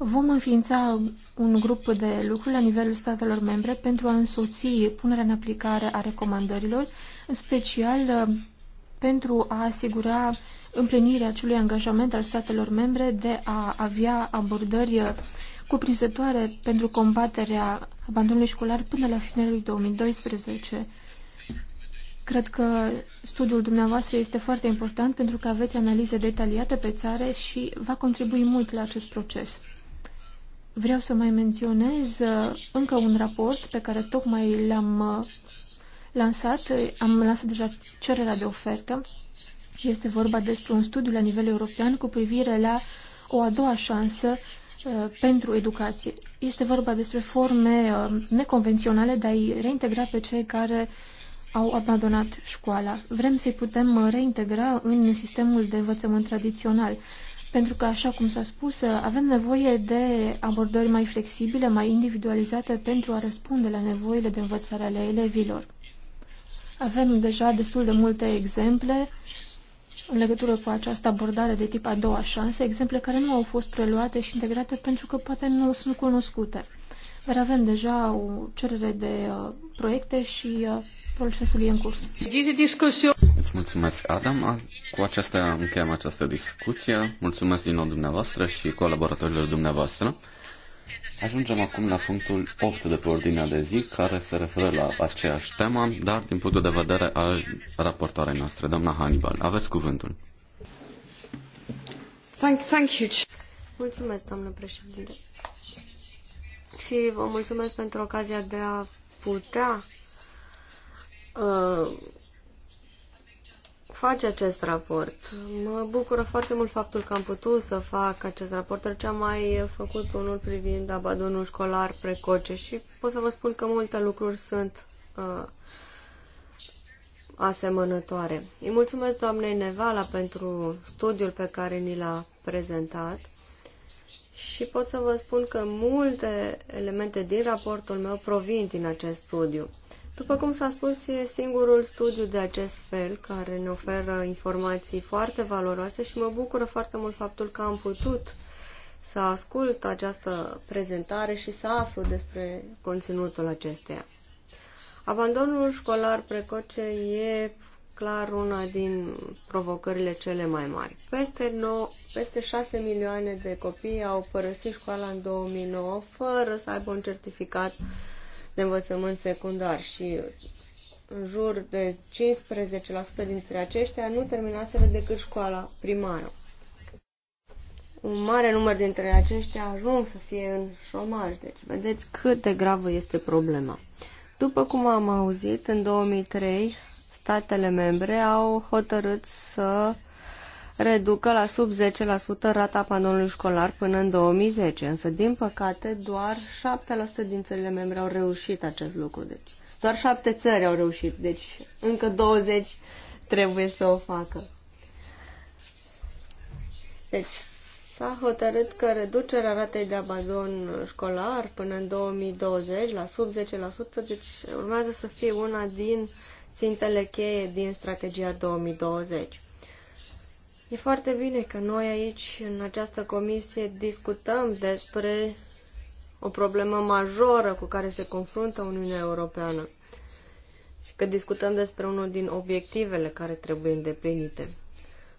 Vom înființa un grup de lucru la nivelul statelor membre pentru a însoți punerea în aplicare a recomandărilor, în special uh, pentru a asigura împlinirea acelui angajament al statelor membre de a avea abordări uh, cuprinzătoare pentru combaterea abandonului școlar până la finalul 2012. Cred că studiul dumneavoastră este foarte important pentru că aveți analize detaliate pe țară și va contribui mult la acest proces. Vreau să mai menționez uh, încă un raport pe care tocmai l-am uh, lansat. Am lansat deja cererea de ofertă. Este vorba despre un studiu la nivel european cu privire la o a doua șansă uh, pentru educație. Este vorba despre forme neconvenționale de a-i reintegra pe cei care au abandonat școala. Vrem să-i putem reintegra în sistemul de învățământ tradițional. Pentru că, așa cum s-a spus, avem nevoie de abordări mai flexibile, mai individualizate pentru a răspunde la nevoile de învățare ale elevilor. Avem deja destul de multe exemple în legătură cu această abordare de tip a doua șansă, exemple care nu au fost preluate și integrate pentru că poate nu sunt cunoscute. Dar avem deja o cerere de uh, proiecte și uh, procesul e în curs. Îți mulțumesc, Adam. Cu aceasta încheiem această discuție. Mulțumesc din nou dumneavoastră și colaboratorilor dumneavoastră. Ajungem acum la punctul 8 de pe ordinea de zi, care se referă la aceeași temă, dar din punctul de vedere al raportoarei noastre, doamna Hannibal. Aveți cuvântul. Thank, thank you. Mulțumesc, doamnă președinte și vă mulțumesc pentru ocazia de a putea uh, face acest raport. Mă bucură foarte mult faptul că am putut să fac acest raport, ce deci am mai făcut unul privind abandonul școlar precoce și pot să vă spun că multe lucruri sunt uh, asemănătoare. Îi mulțumesc doamnei Nevala pentru studiul pe care ni l-a prezentat și pot să vă spun că multe elemente din raportul meu provin din acest studiu. După cum s-a spus, e singurul studiu de acest fel care ne oferă informații foarte valoroase și mă bucură foarte mult faptul că am putut să ascult această prezentare și să aflu despre conținutul acesteia. Abandonul școlar precoce e clar una din provocările cele mai mari. Peste, 9, peste 6 milioane de copii au părăsit școala în 2009 fără să aibă un certificat de învățământ secundar și în jur de 15% dintre aceștia nu terminaseră decât școala primară. Un mare număr dintre aceștia ajung să fie în șomaj, deci vedeți cât de gravă este problema. După cum am auzit, în 2003 statele membre au hotărât să reducă la sub 10% rata panoului școlar până în 2010, însă din păcate doar 7% din țările membre au reușit acest lucru. Deci, doar 7 țări au reușit, deci încă 20 trebuie să o facă. Deci s-a hotărât că reducerea ratei de abandon școlar până în 2020 la sub 10%, deci urmează să fie una din țintele cheie din strategia 2020. E foarte bine că noi aici, în această comisie, discutăm despre o problemă majoră cu care se confruntă Uniunea Europeană și că discutăm despre unul din obiectivele care trebuie îndeplinite.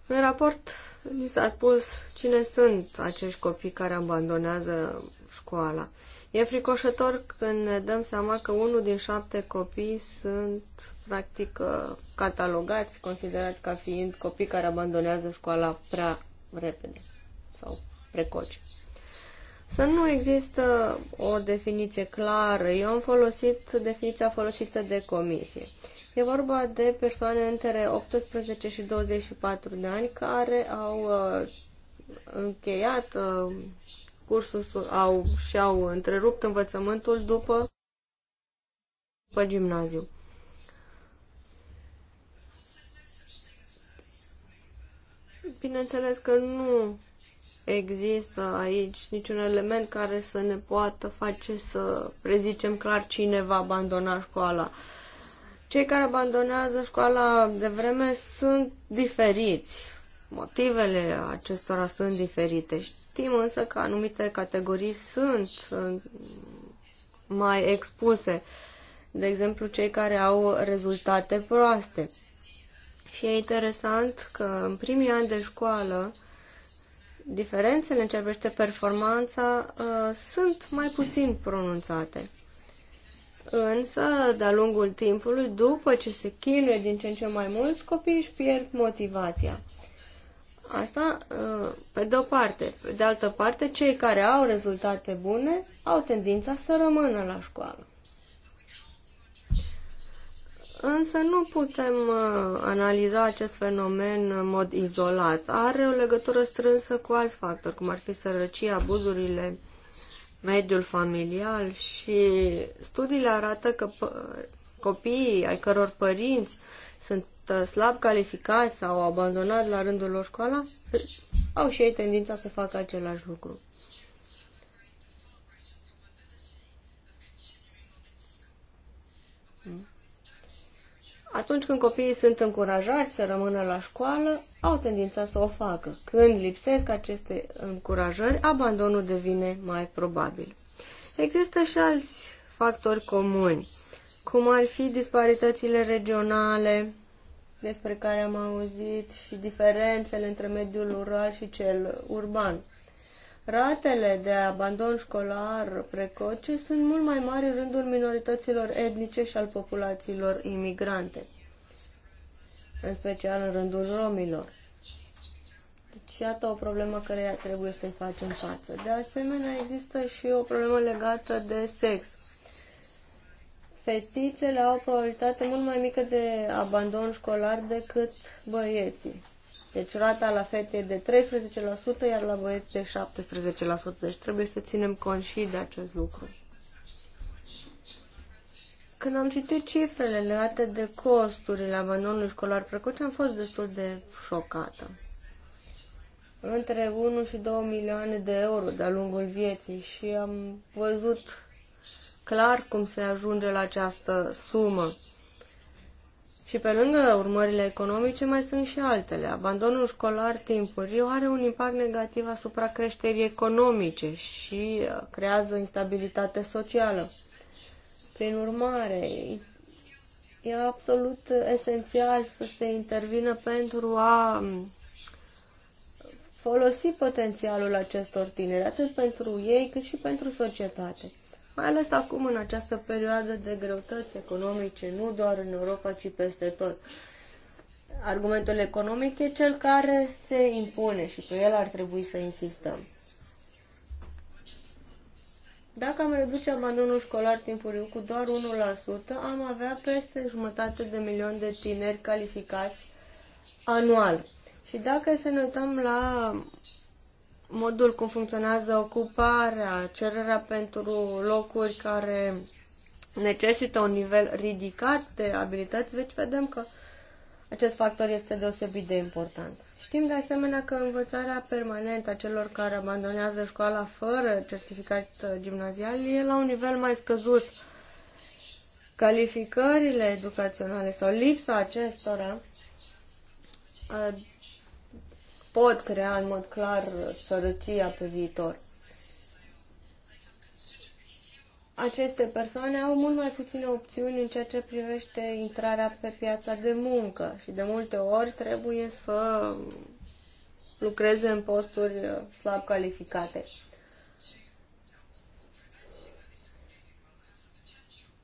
În raport mi s-a spus cine sunt acești copii care abandonează școala. E fricoșător când ne dăm seama că unul din șapte copii sunt practic uh, catalogați, considerați ca fiind copii care abandonează școala prea repede sau precoce. Să nu există o definiție clară. Eu am folosit definiția folosită de comisie. E vorba de persoane între 18 și 24 de ani care au uh, încheiat uh, cursul au, și au întrerupt învățământul după, după gimnaziu. bineînțeles că nu există aici niciun element care să ne poată face să prezicem clar cine va abandona școala. Cei care abandonează școala de vreme sunt diferiți. Motivele acestora sunt diferite. Știm însă că anumite categorii sunt, mai expuse. De exemplu, cei care au rezultate proaste. Și e interesant că în primii ani de școală, diferențele în ce privește performanța uh, sunt mai puțin pronunțate. Însă, de-a lungul timpului, după ce se chinuie din ce în ce mai mult, copiii își pierd motivația. Asta, uh, pe de-o parte. Pe de altă parte, cei care au rezultate bune au tendința să rămână la școală însă nu putem uh, analiza acest fenomen în mod izolat. Are o legătură strânsă cu alți factori, cum ar fi sărăcia, abuzurile, mediul familial și studiile arată că copiii ai căror părinți sunt uh, slab calificați sau abandonat la rândul lor școala, au și ei tendința să facă același lucru. Atunci când copiii sunt încurajați să rămână la școală, au tendința să o facă. Când lipsesc aceste încurajări, abandonul devine mai probabil. Există și alți factori comuni, cum ar fi disparitățile regionale, despre care am auzit, și diferențele între mediul rural și cel urban. Ratele de abandon școlar precoce sunt mult mai mari în rândul minorităților etnice și al populațiilor imigrante, în special în rândul romilor. Deci, iată o problemă care trebuie să-i facem față. De asemenea, există și o problemă legată de sex. Fetițele au o probabilitate mult mai mică de abandon școlar decât băieții. Deci rata la fete e de 13%, iar la băieți de 17%. Deci trebuie să ținem cont și de acest lucru. Când am citit cifrele legate de costurile abandonului școlar precoce, am fost destul de șocată. Între 1 și 2 milioane de euro de-a lungul vieții și am văzut clar cum se ajunge la această sumă. Și pe lângă urmările economice mai sunt și altele. Abandonul școlar timpuriu are un impact negativ asupra creșterii economice și uh, creează instabilitate socială. Prin urmare, e absolut esențial să se intervină pentru a um, folosi potențialul acestor tineri, atât pentru ei cât și pentru societate mai ales acum în această perioadă de greutăți economice, nu doar în Europa, ci peste tot. Argumentul economic e cel care se impune și pe el ar trebui să insistăm. Dacă am reduce abandonul școlar timpuriu cu doar 1%, am avea peste jumătate de milion de tineri calificați anual. Și dacă să ne uităm la modul cum funcționează ocuparea, cererea pentru locuri care necesită un nivel ridicat de abilități, deci vedem că acest factor este deosebit de important. Știm de asemenea că învățarea permanentă a celor care abandonează școala fără certificat gimnazial e la un nivel mai scăzut. Calificările educaționale sau lipsa acestora pot crea în mod clar sărăcia pe viitor. Aceste persoane au mult mai puține opțiuni în ceea ce privește intrarea pe piața de muncă și de multe ori trebuie să lucreze în posturi slab calificate.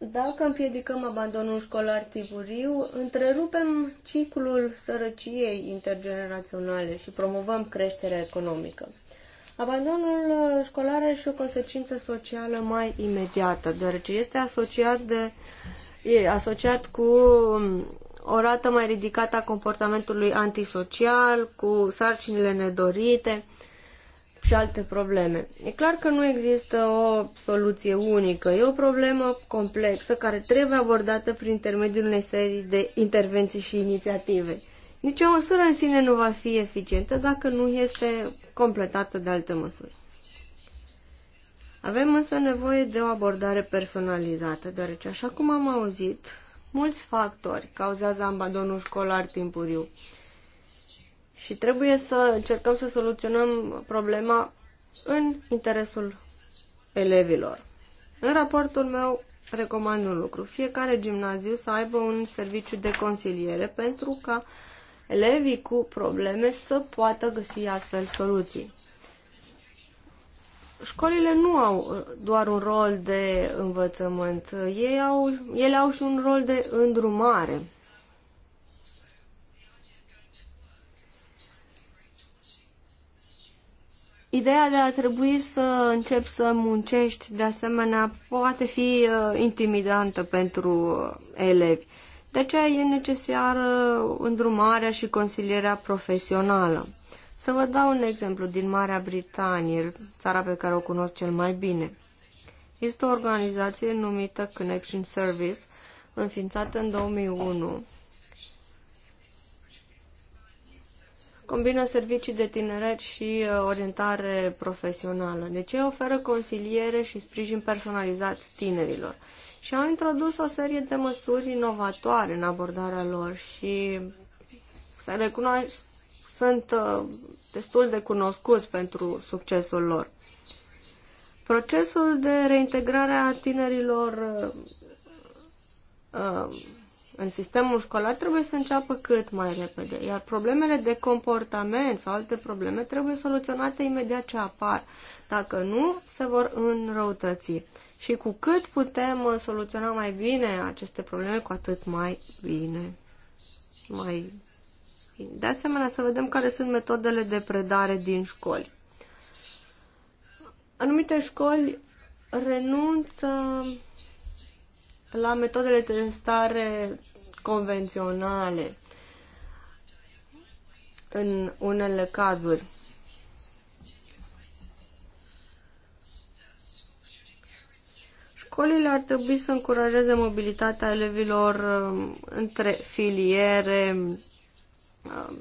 Dacă împiedicăm abandonul școlar tiburiu, întrerupem ciclul sărăciei intergeneraționale și promovăm creșterea economică. Abandonul școlar are și o consecință socială mai imediată, deoarece este asociat, de, e asociat cu o rată mai ridicată a comportamentului antisocial, cu sarcinile nedorite, și alte probleme. E clar că nu există o soluție unică, e o problemă complexă care trebuie abordată prin intermediul unei serii de intervenții și inițiative. Nici o măsură în sine nu va fi eficientă dacă nu este completată de alte măsuri. Avem însă nevoie de o abordare personalizată, deoarece, așa cum am auzit, mulți factori cauzează abandonul școlar timpuriu. Și trebuie să încercăm să soluționăm problema în interesul elevilor. În raportul meu recomand un lucru. Fiecare gimnaziu să aibă un serviciu de consiliere pentru ca elevii cu probleme să poată găsi astfel soluții. Școlile nu au uh, doar un rol de învățământ, ei au, ele au și un rol de îndrumare Ideea de a trebui să începi să muncești, de asemenea, poate fi uh, intimidantă pentru uh, elevi. De aceea e necesară îndrumarea și consilierea profesională. Să vă dau un exemplu din Marea Britanie, țara pe care o cunosc cel mai bine. Este o organizație numită Connection Service, înființată în 2001 combină servicii de tineret și uh, orientare profesională. Deci ei oferă consiliere și sprijin personalizat tinerilor. Și au introdus o serie de măsuri inovatoare în abordarea lor și să recunoaște, sunt uh, destul de cunoscuți pentru succesul lor. Procesul de reintegrare a tinerilor uh, uh în sistemul școlar trebuie să înceapă cât mai repede, iar problemele de comportament sau alte probleme trebuie soluționate imediat ce apar. Dacă nu, se vor înrăutăți. Și cu cât putem uh, soluționa mai bine aceste probleme, cu atât mai bine. Mai bine. De asemenea, să vedem care sunt metodele de predare din școli. Anumite școli renunță la metodele de testare convenționale în unele cazuri. Școlile ar trebui să încurajeze mobilitatea elevilor um, între filiere um,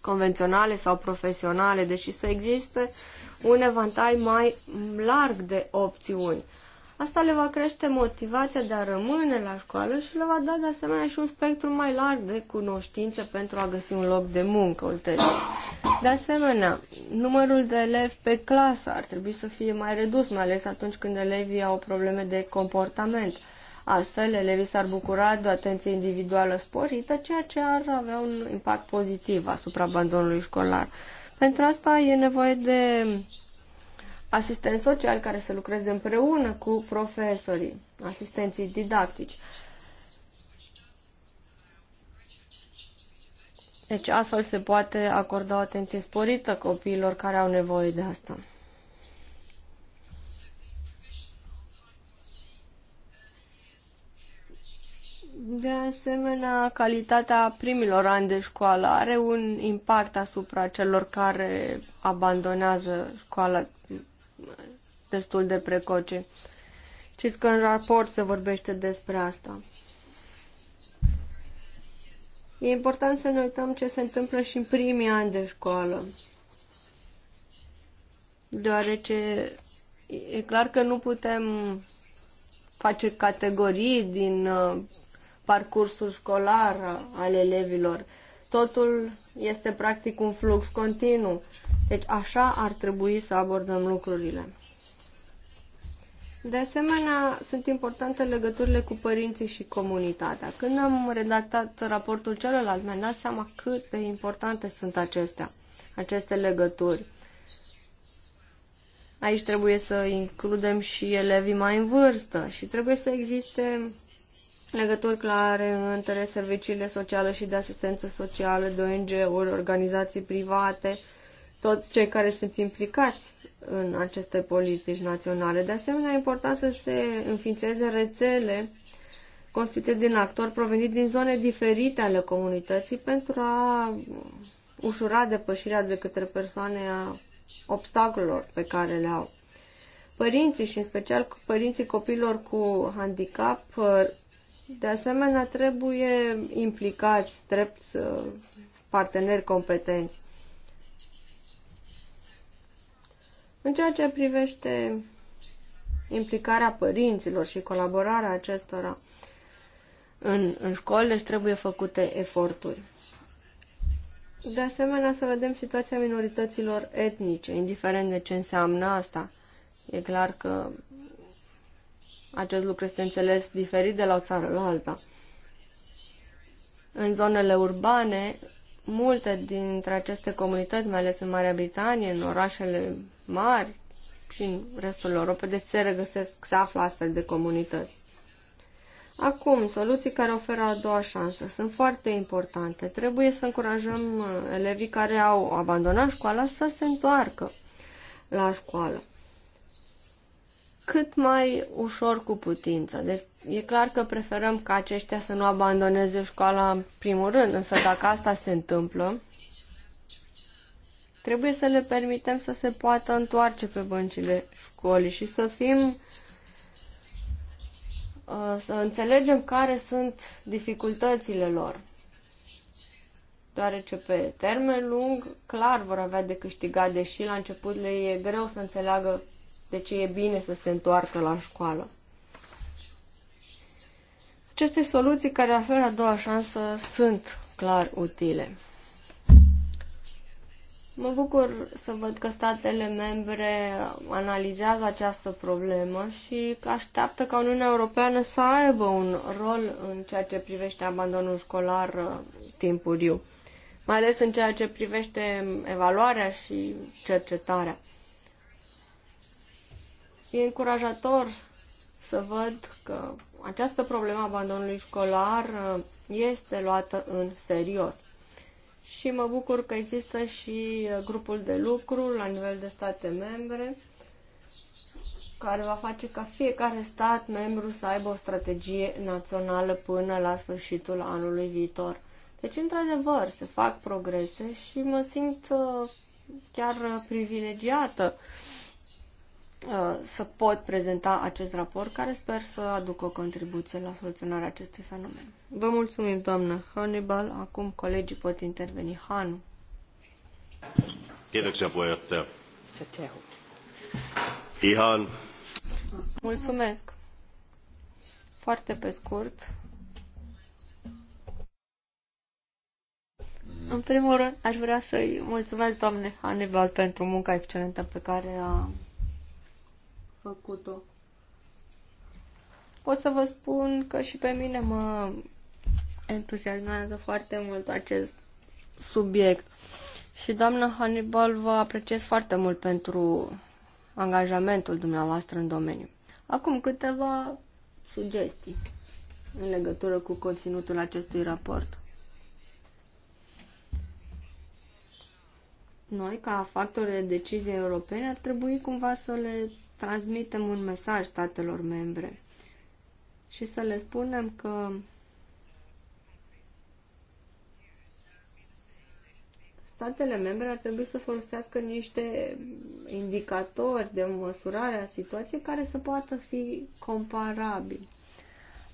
convenționale sau profesionale, deși să existe un evantai mai larg de opțiuni. Asta le va crește motivația de a rămâne la școală și le va da de asemenea și un spectru mai larg de cunoștințe pentru a găsi un loc de muncă ulterior. De asemenea, numărul de elevi pe clasă ar trebui să fie mai redus, mai ales atunci când elevii au probleme de comportament. Astfel, elevii s-ar bucura de o atenție individuală sporită, ceea ce ar avea un impact pozitiv asupra abandonului școlar. Pentru asta e nevoie de asistent social care să lucreze împreună cu profesorii, asistenții didactici. Deci astfel se poate acorda o atenție sporită copiilor care au nevoie de asta. De asemenea, calitatea primilor ani de școală are un impact asupra celor care abandonează școala destul de precoce. Știți că în raport se vorbește despre asta. E important să ne uităm ce se întâmplă și în primii ani de școală. Deoarece e clar că nu putem face categorii din uh, parcursul școlar al elevilor. Totul este practic un flux continuu. Deci așa ar trebui să abordăm lucrurile. De asemenea, sunt importante legăturile cu părinții și comunitatea. Când am redactat raportul celălalt, mi-am dat seama cât de importante sunt acestea, aceste legături. Aici trebuie să includem și elevii mai în vârstă și trebuie să existe legături clare între serviciile sociale și de asistență socială, de ONG-uri, organizații private, toți cei care sunt implicați în aceste politici naționale. De asemenea, e important să se înființeze rețele constituite din actori proveniți din zone diferite ale comunității pentru a ușura depășirea de către persoane a obstacolelor pe care le au. Părinții și în special părinții copilor cu handicap de asemenea, trebuie implicați drept uh, parteneri competenți. În ceea ce privește implicarea părinților și colaborarea acestora în, în școli, deci trebuie făcute eforturi. De asemenea, să vedem situația minorităților etnice, indiferent de ce înseamnă asta. E clar că acest lucru este înțeles diferit de la o țară la alta. În zonele urbane, multe dintre aceste comunități, mai ales în Marea Britanie, în orașele mari și în restul Europei, de deci se regăsesc, se află astfel de comunități. Acum, soluții care oferă a doua șansă sunt foarte importante. Trebuie să încurajăm uh, elevii care au abandonat școala să se întoarcă la școală cât mai ușor cu putință. Deci e clar că preferăm ca aceștia să nu abandoneze școala în primul rând, însă dacă asta se întâmplă, trebuie să le permitem să se poată întoarce pe băncile școlii și să fim uh, să înțelegem care sunt dificultățile lor. Deoarece pe termen lung, clar vor avea de câștigat, deși la început le e greu să înțeleagă de ce e bine să se întoarcă la școală. Aceste soluții care oferă a doua șansă sunt clar utile. Mă bucur să văd că statele membre analizează această problemă și că așteaptă ca Uniunea Europeană să aibă un rol în ceea ce privește abandonul școlar uh, timpuriu, mai ales în ceea ce privește evaluarea și cercetarea. E încurajator să văd că această problemă a abandonului școlar uh, este luată în serios. Și mă bucur că există și uh, grupul de lucru la nivel de state membre care va face ca fiecare stat membru să aibă o strategie națională până la sfârșitul anului viitor. Deci, într-adevăr, se fac progrese și mă simt uh, chiar privilegiată uh, Uh, să pot prezenta acest raport care sper să aducă o contribuție la soluționarea acestui fenomen. Vă mulțumim, doamnă Hannibal. Acum colegii pot interveni. Hanu. Kiitoksia, puheenjohtaja. Ihan. Mulțumesc. Foarte pe scurt. În primul rând, aș vrea să-i mulțumesc, doamne Hannibal, pentru munca excelentă pe care a făcut-o. Pot să vă spun că și pe mine mă entuziasmează foarte mult acest subiect. Și doamna Hannibal vă apreciez foarte mult pentru angajamentul dumneavoastră în domeniu. Acum câteva sugestii în legătură cu conținutul acestui raport. Noi, ca factori de decizie europene, ar trebui cumva să le transmitem un mesaj statelor membre și să le spunem că statele membre ar trebui să folosească niște indicatori de măsurare a situației care să poată fi comparabili.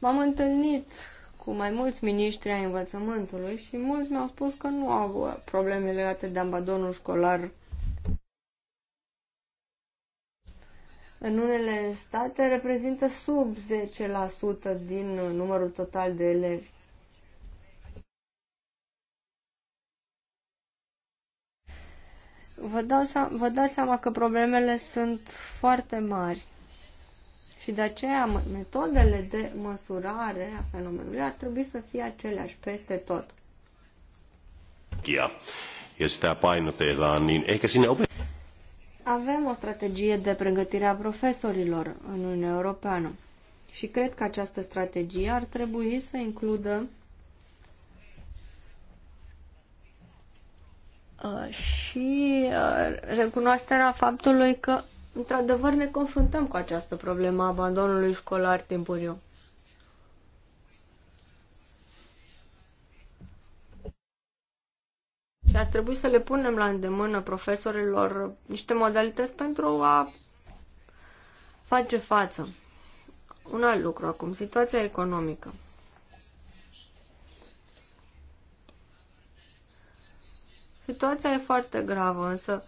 M-am întâlnit cu mai mulți miniștri ai învățământului și mulți mi-au spus că nu au probleme legate de abandonul școlar în unele state reprezintă sub 10% din numărul total de elevi. Vă, dau seama, vă dați seama că problemele sunt foarte mari și de aceea metodele de măsurare a fenomenului ar trebui să fie aceleași peste tot. Ja, ja sitä painotellaan, niin ehkä sinne avem o strategie de pregătire a profesorilor în Uniunea Europeană și cred că această strategie ar trebui să includă uh, și uh, recunoașterea faptului că într-adevăr ne confruntăm cu această problemă a abandonului școlar timpuriu. Și ar trebui să le punem la îndemână profesorilor niște modalități pentru a face față. Un alt lucru acum, situația economică. Situația e foarte gravă, însă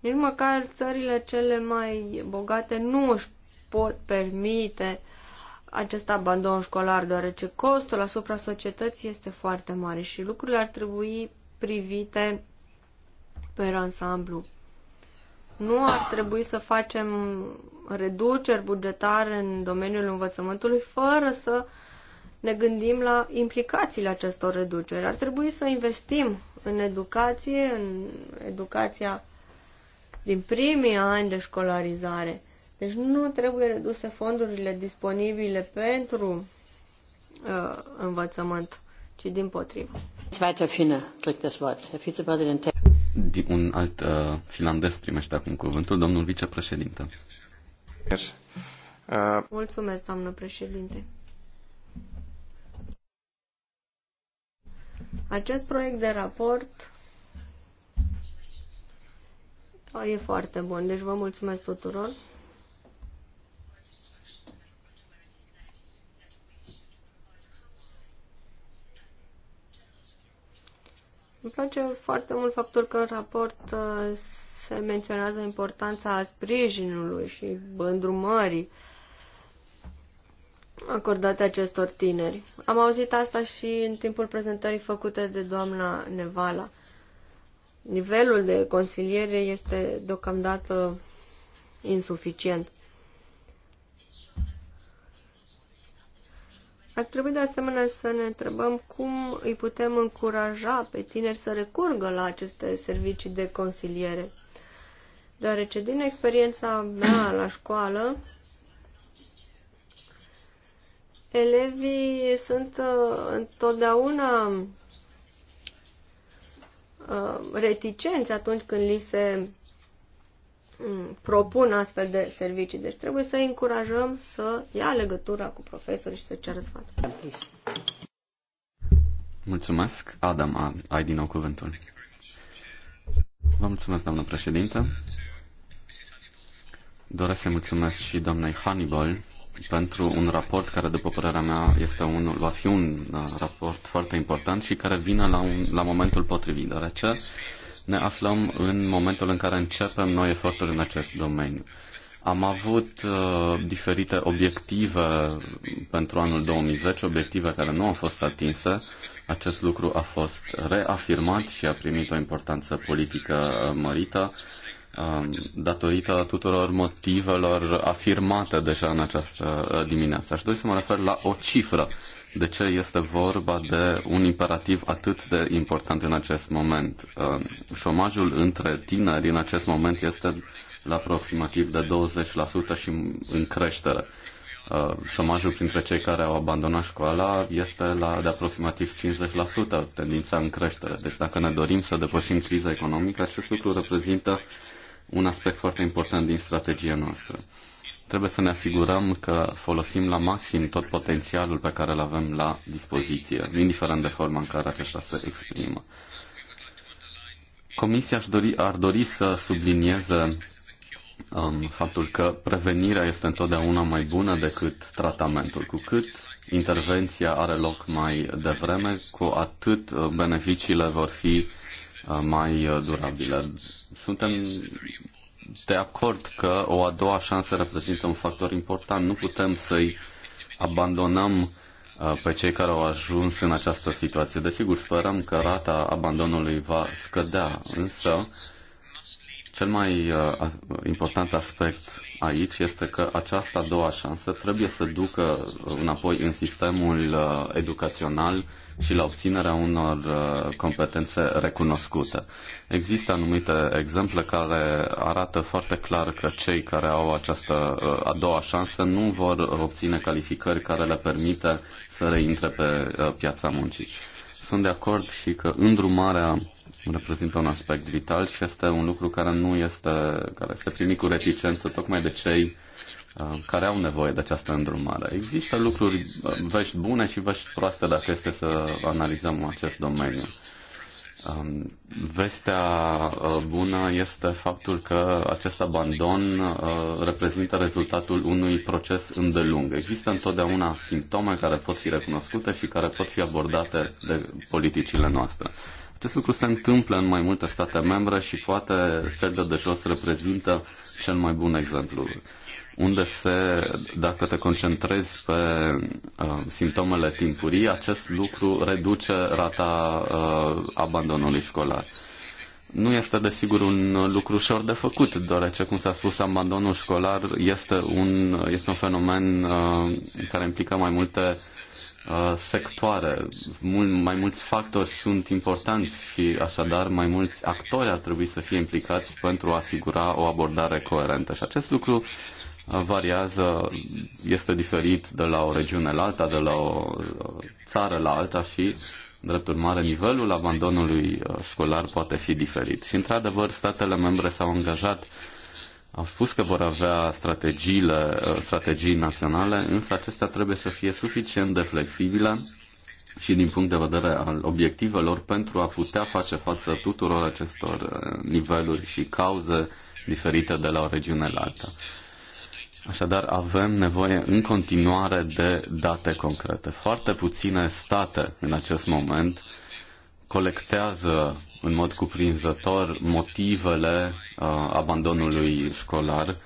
nici măcar țările cele mai bogate nu își pot permite acest abandon școlar, deoarece costul asupra societății este foarte mare și lucrurile ar trebui privite pe ansamblu. Nu ar trebui să facem reduceri bugetare în domeniul învățământului fără să ne gândim la implicațiile acestor reduceri. Ar trebui să investim în educație, în educația din primii ani de școlarizare. Deci nu trebuie reduse fondurile disponibile pentru uh, învățământ ci din potrivă. un alt uh, finlandez primește acum cuvântul, domnul vicepreședinte. Uh, mulțumesc, doamnă președinte. Acest proiect de raport uh, e foarte bun, deci vă mulțumesc tuturor. Îmi place foarte mult faptul că în raport uh, se menționează importanța sprijinului și îndrumării acordate acestor tineri. Am auzit asta și în timpul prezentării făcute de doamna Nevala. Nivelul de consiliere este deocamdată insuficient. Ar trebui de asemenea să ne întrebăm cum îi putem încuraja pe tineri să recurgă la aceste servicii de consiliere. Deoarece din experiența mea la școală, elevii sunt uh, întotdeauna uh, reticenți atunci când li se propun astfel de servicii. Deci trebuie să încurajăm să ia legătura cu profesorii și să ceară sfaturi. Mulțumesc. Adam, ai din nou cuvântul. Vă mulțumesc, doamnă președintă. Doresc să mulțumesc și doamnei Hannibal pentru un raport care, după părerea mea, este unul, va fi un uh, raport foarte important și care vine la, un, la momentul potrivit, deoarece ne aflăm în momentul în care începem noi eforturi în acest domeniu. Am avut uh, diferite obiective pentru anul 2010, obiective care nu au fost atinse. Acest lucru a fost reafirmat și a primit o importanță politică uh, mărită. Um, datorită tuturor motivelor afirmate deja în această uh, dimineață. Aș dori să mă refer la o cifră. De ce este vorba de un imperativ atât de important în acest moment? Um, șomajul între tineri în acest moment este la aproximativ de 20% și în creștere. Uh, șomajul printre cei care au abandonat școala este la de aproximativ 50%, tendința în creștere. Deci dacă ne dorim să depășim criza economică, acest lucru reprezintă uh, un aspect foarte important din strategia noastră. Trebuie să ne asigurăm că folosim la maxim tot potențialul pe care îl avem la dispoziție, indiferent de forma în care acesta se exprimă. Comisia aș dori, ar dori să sublinieze um, faptul că prevenirea este întotdeauna mai bună decât tratamentul. Cu cât intervenția are loc mai devreme, cu atât uh, beneficiile vor fi Uh, mai uh, durabilă. Suntem de acord că o a doua șansă reprezintă un factor important. Nu putem să-i abandonăm uh, pe cei care au ajuns în această situație. Desigur, sperăm că rata abandonului va scădea, însă cel mai uh, important aspect aici este că această a doua șansă trebuie să ducă înapoi în sistemul uh, educațional și la obținerea unor uh, competențe recunoscute. Există anumite exemple care arată foarte clar că cei care au această a doua șansă nu vor obține calificări care le permite să reintre pe piața muncii. Sunt de acord și că îndrumarea reprezintă un aspect vital și este un lucru care nu este, care este primit cu reticență tocmai de cei uh, care au nevoie de această îndrumare. Există lucruri, uh, vești bune și vești proaste dacă este să analizăm acest domeniu. Um, vestea uh, bună este faptul că acest abandon reprezintă rezultatul unui proces îndelung. Există întotdeauna simptome care pot fi recunoscute și care pot fi abordate de politicile noastre. Acest lucru se întâmplă în mai multe state membre și poate felul de jos reprezintă cel mai bun exemplu unde se, dacă te concentrezi pe uh, simptomele timpurii, acest lucru reduce rata uh, abandonului școlar nu este desigur un lucru ușor de făcut, deoarece, cum s-a spus, abandonul școlar este un, este un fenomen uh, care implică mai multe uh, sectoare. Mul, mai mulți factori sunt importanți și, așadar, mai mulți actori ar trebui să fie implicați pentru a asigura o abordare coerentă. Și acest lucru uh, variază, este diferit de la o regiune la alta, de la o uh, țară la alta și Drept urmare, nivelul abandonului uh, școlar poate fi diferit. Și, într-adevăr, statele membre s-au angajat au spus că vor avea strategiile, uh, strategii naționale, însă acestea trebuie să fie suficient de flexibile și din punct de vedere al obiectivelor pentru a putea face față tuturor acestor uh, niveluri și cauze diferite de la o regiune la alta. Așadar, avem nevoie în continuare de date concrete. Foarte puține state în acest moment colectează în mod cuprinzător motivele uh, abandonului școlar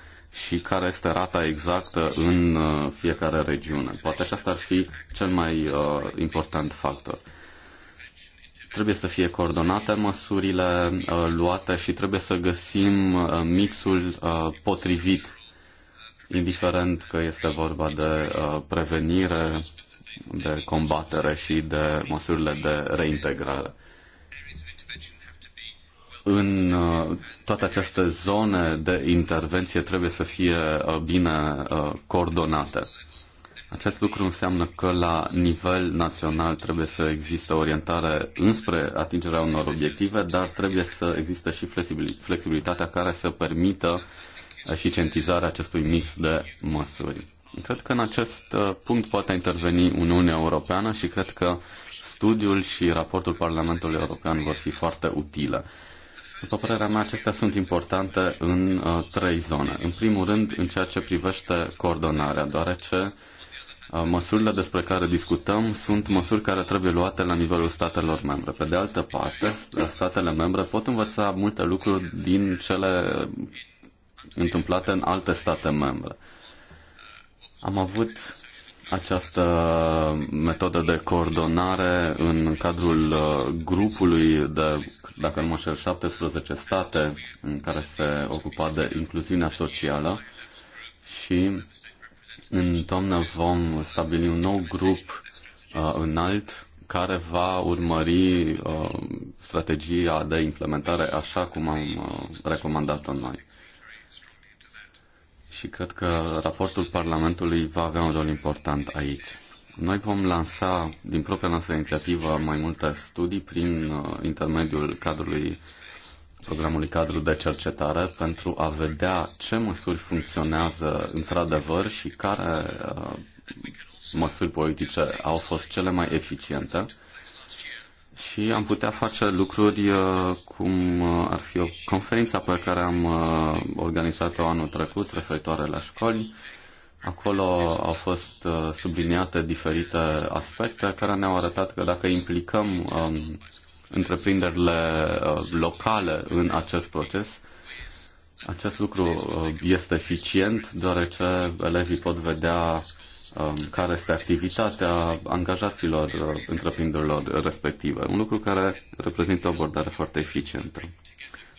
și care este rata exactă în uh, fiecare regiune. Poate asta ar fi cel mai uh, important factor. Trebuie să fie coordonate măsurile uh, luate și trebuie să găsim uh, mixul uh, potrivit indiferent că este vorba de uh, prevenire, de combatere și de măsurile de reintegrare. În uh, toate aceste zone de intervenție trebuie să fie uh, bine coordonate. Acest lucru înseamnă că la nivel național trebuie să existe orientare înspre atingerea unor obiective, dar trebuie să existe și flexibilitatea care să permită uh, eficientizarea acestui mix de măsuri. Cred că în acest uh, punct poate interveni Uniunea Europeană și cred că studiul și raportul Parlamentului European vor fi foarte utile. După părerea mea, acestea sunt importante în uh, trei zone. În primul rând, în ceea ce privește coordonarea, deoarece uh, măsurile despre care discutăm sunt măsuri care trebuie luate la nivelul statelor membre. Pe de altă parte, statele membre pot învăța multe lucruri din cele întâmplată în alte state membre. Am avut această metodă de coordonare în cadrul uh, grupului de, dacă nu mă șer, 17 state în care se ocupa de incluziunea socială și în toamnă vom stabili un nou grup uh, înalt care va urmări uh, strategia de implementare așa cum am uh, recomandat-o noi și cred că raportul Parlamentului va avea un rol important aici. Noi vom lansa din propria noastră inițiativă mai multe studii prin uh, intermediul cadrului programului cadru de cercetare pentru a vedea ce măsuri funcționează într-adevăr și care uh, măsuri politice au fost cele mai eficiente și am putea face lucruri uh, cum uh, ar fi o conferință pe care am uh, organizat-o anul trecut referitoare la școli. Acolo au fost subliniate diferite aspecte care ne-au arătat că dacă implicăm um, întreprinderile locale în acest proces, acest lucru este eficient, deoarece elevii pot vedea Um, care este activitatea angajaților uh, întreprinderilor respective. Un lucru care reprezintă o abordare foarte eficientă.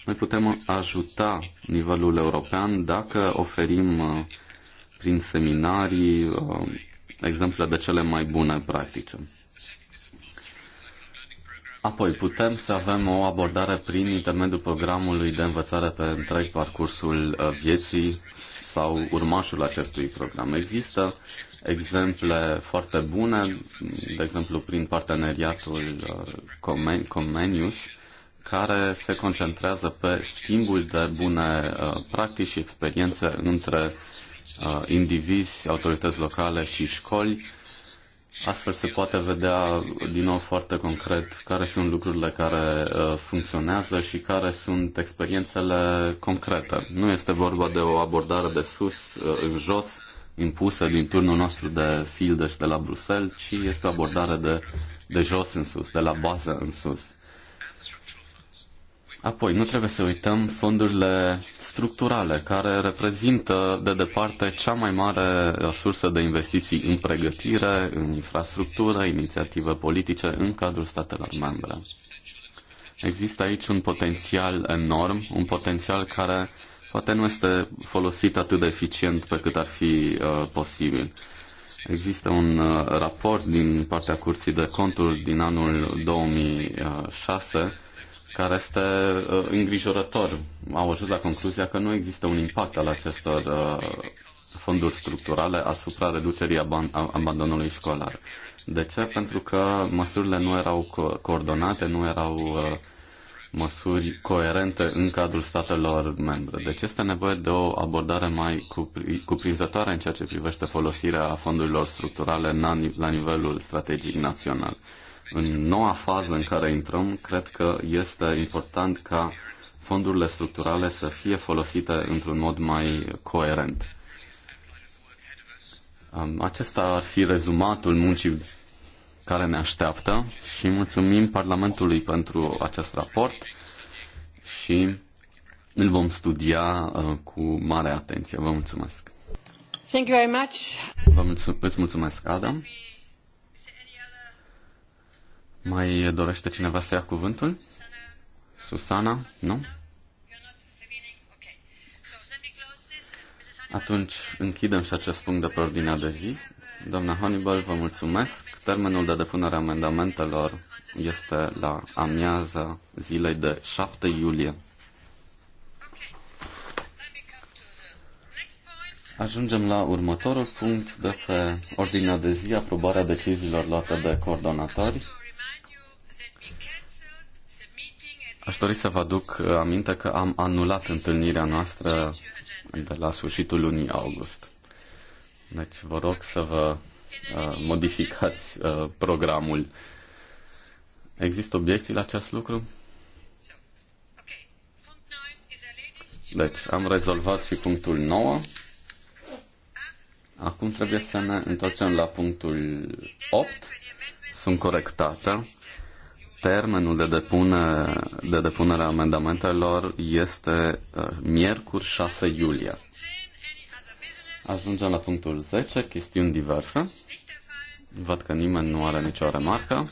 Noi putem ajuta nivelul european dacă oferim uh, prin seminarii uh, exemple de cele mai bune practice. Apoi putem să avem o abordare prin intermediul programului de învățare pe întreg parcursul vieții sau urmașul acestui program. Există exemple foarte bune, de exemplu prin parteneriatul uh, Comenius, care se concentrează pe schimbul de bune uh, practici și experiențe între uh, indivizi, autorități locale și școli. Astfel se poate vedea din nou foarte concret care sunt lucrurile care funcționează și care sunt experiențele concrete. Nu este vorba de o abordare de sus în jos, impusă din turnul nostru de fildeș de la Bruxelles, ci este o abordare de, de jos în sus, de la bază în sus. Apoi, nu trebuie să uităm fondurile structurale, care reprezintă de departe cea mai mare sursă de investiții în pregătire, în infrastructură, inițiative politice în cadrul statelor membre. Există aici un potențial enorm, un potențial care uh, poate nu este folosit atât de eficient pe cât ar fi uh, posibil. Există un uh, raport din partea Curții de Conturi din anul 2006 uh, care este uh, îngrijorător. Au ajuns la concluzia că nu există un impact al acestor uh, fonduri structurale asupra reducerii aban- abandonului școlar. De ce? Pentru că măsurile nu erau co- coordonate, nu erau uh, măsuri coerente în cadrul statelor membre. Deci este nevoie de o abordare mai cuprinzătoare în ceea ce privește folosirea fondurilor structurale la nivelul strategic național. În noua fază în care intrăm, cred că este important ca fondurile structurale să fie folosite într-un mod mai coerent. Acesta ar fi rezumatul muncii care ne așteaptă și mulțumim Parlamentului pentru acest raport și îl vom studia uh, cu mare atenție. Vă mulțumesc! Thank you very much. Vă mulțumesc, îți mulțumesc, Adam. Mai dorește cineva să ia cuvântul? Susana? Nu? Atunci închidem și acest punct de pe ordinea de zi Doamna Hannibal, vă mulțumesc. Termenul de depunere a amendamentelor este la amiază, zilei de 7 iulie. Ajungem la următorul punct de pe ordinea de zi, aprobarea deciziilor luate de coordonatori. Aș dori să vă aduc aminte că am anulat întâlnirea noastră de la sfârșitul lunii august. Deci vă rog să vă uh, modificați uh, programul. Există obiecții la acest lucru? Deci am rezolvat și punctul 9. Acum trebuie să ne întoarcem la punctul 8. Sunt corectate. Termenul de, depune, de depunere a amendamentelor este uh, miercuri 6 iulie. Ajungem la punctul 10, chestiuni diverse. Văd că nimeni nu are nicio remarcă.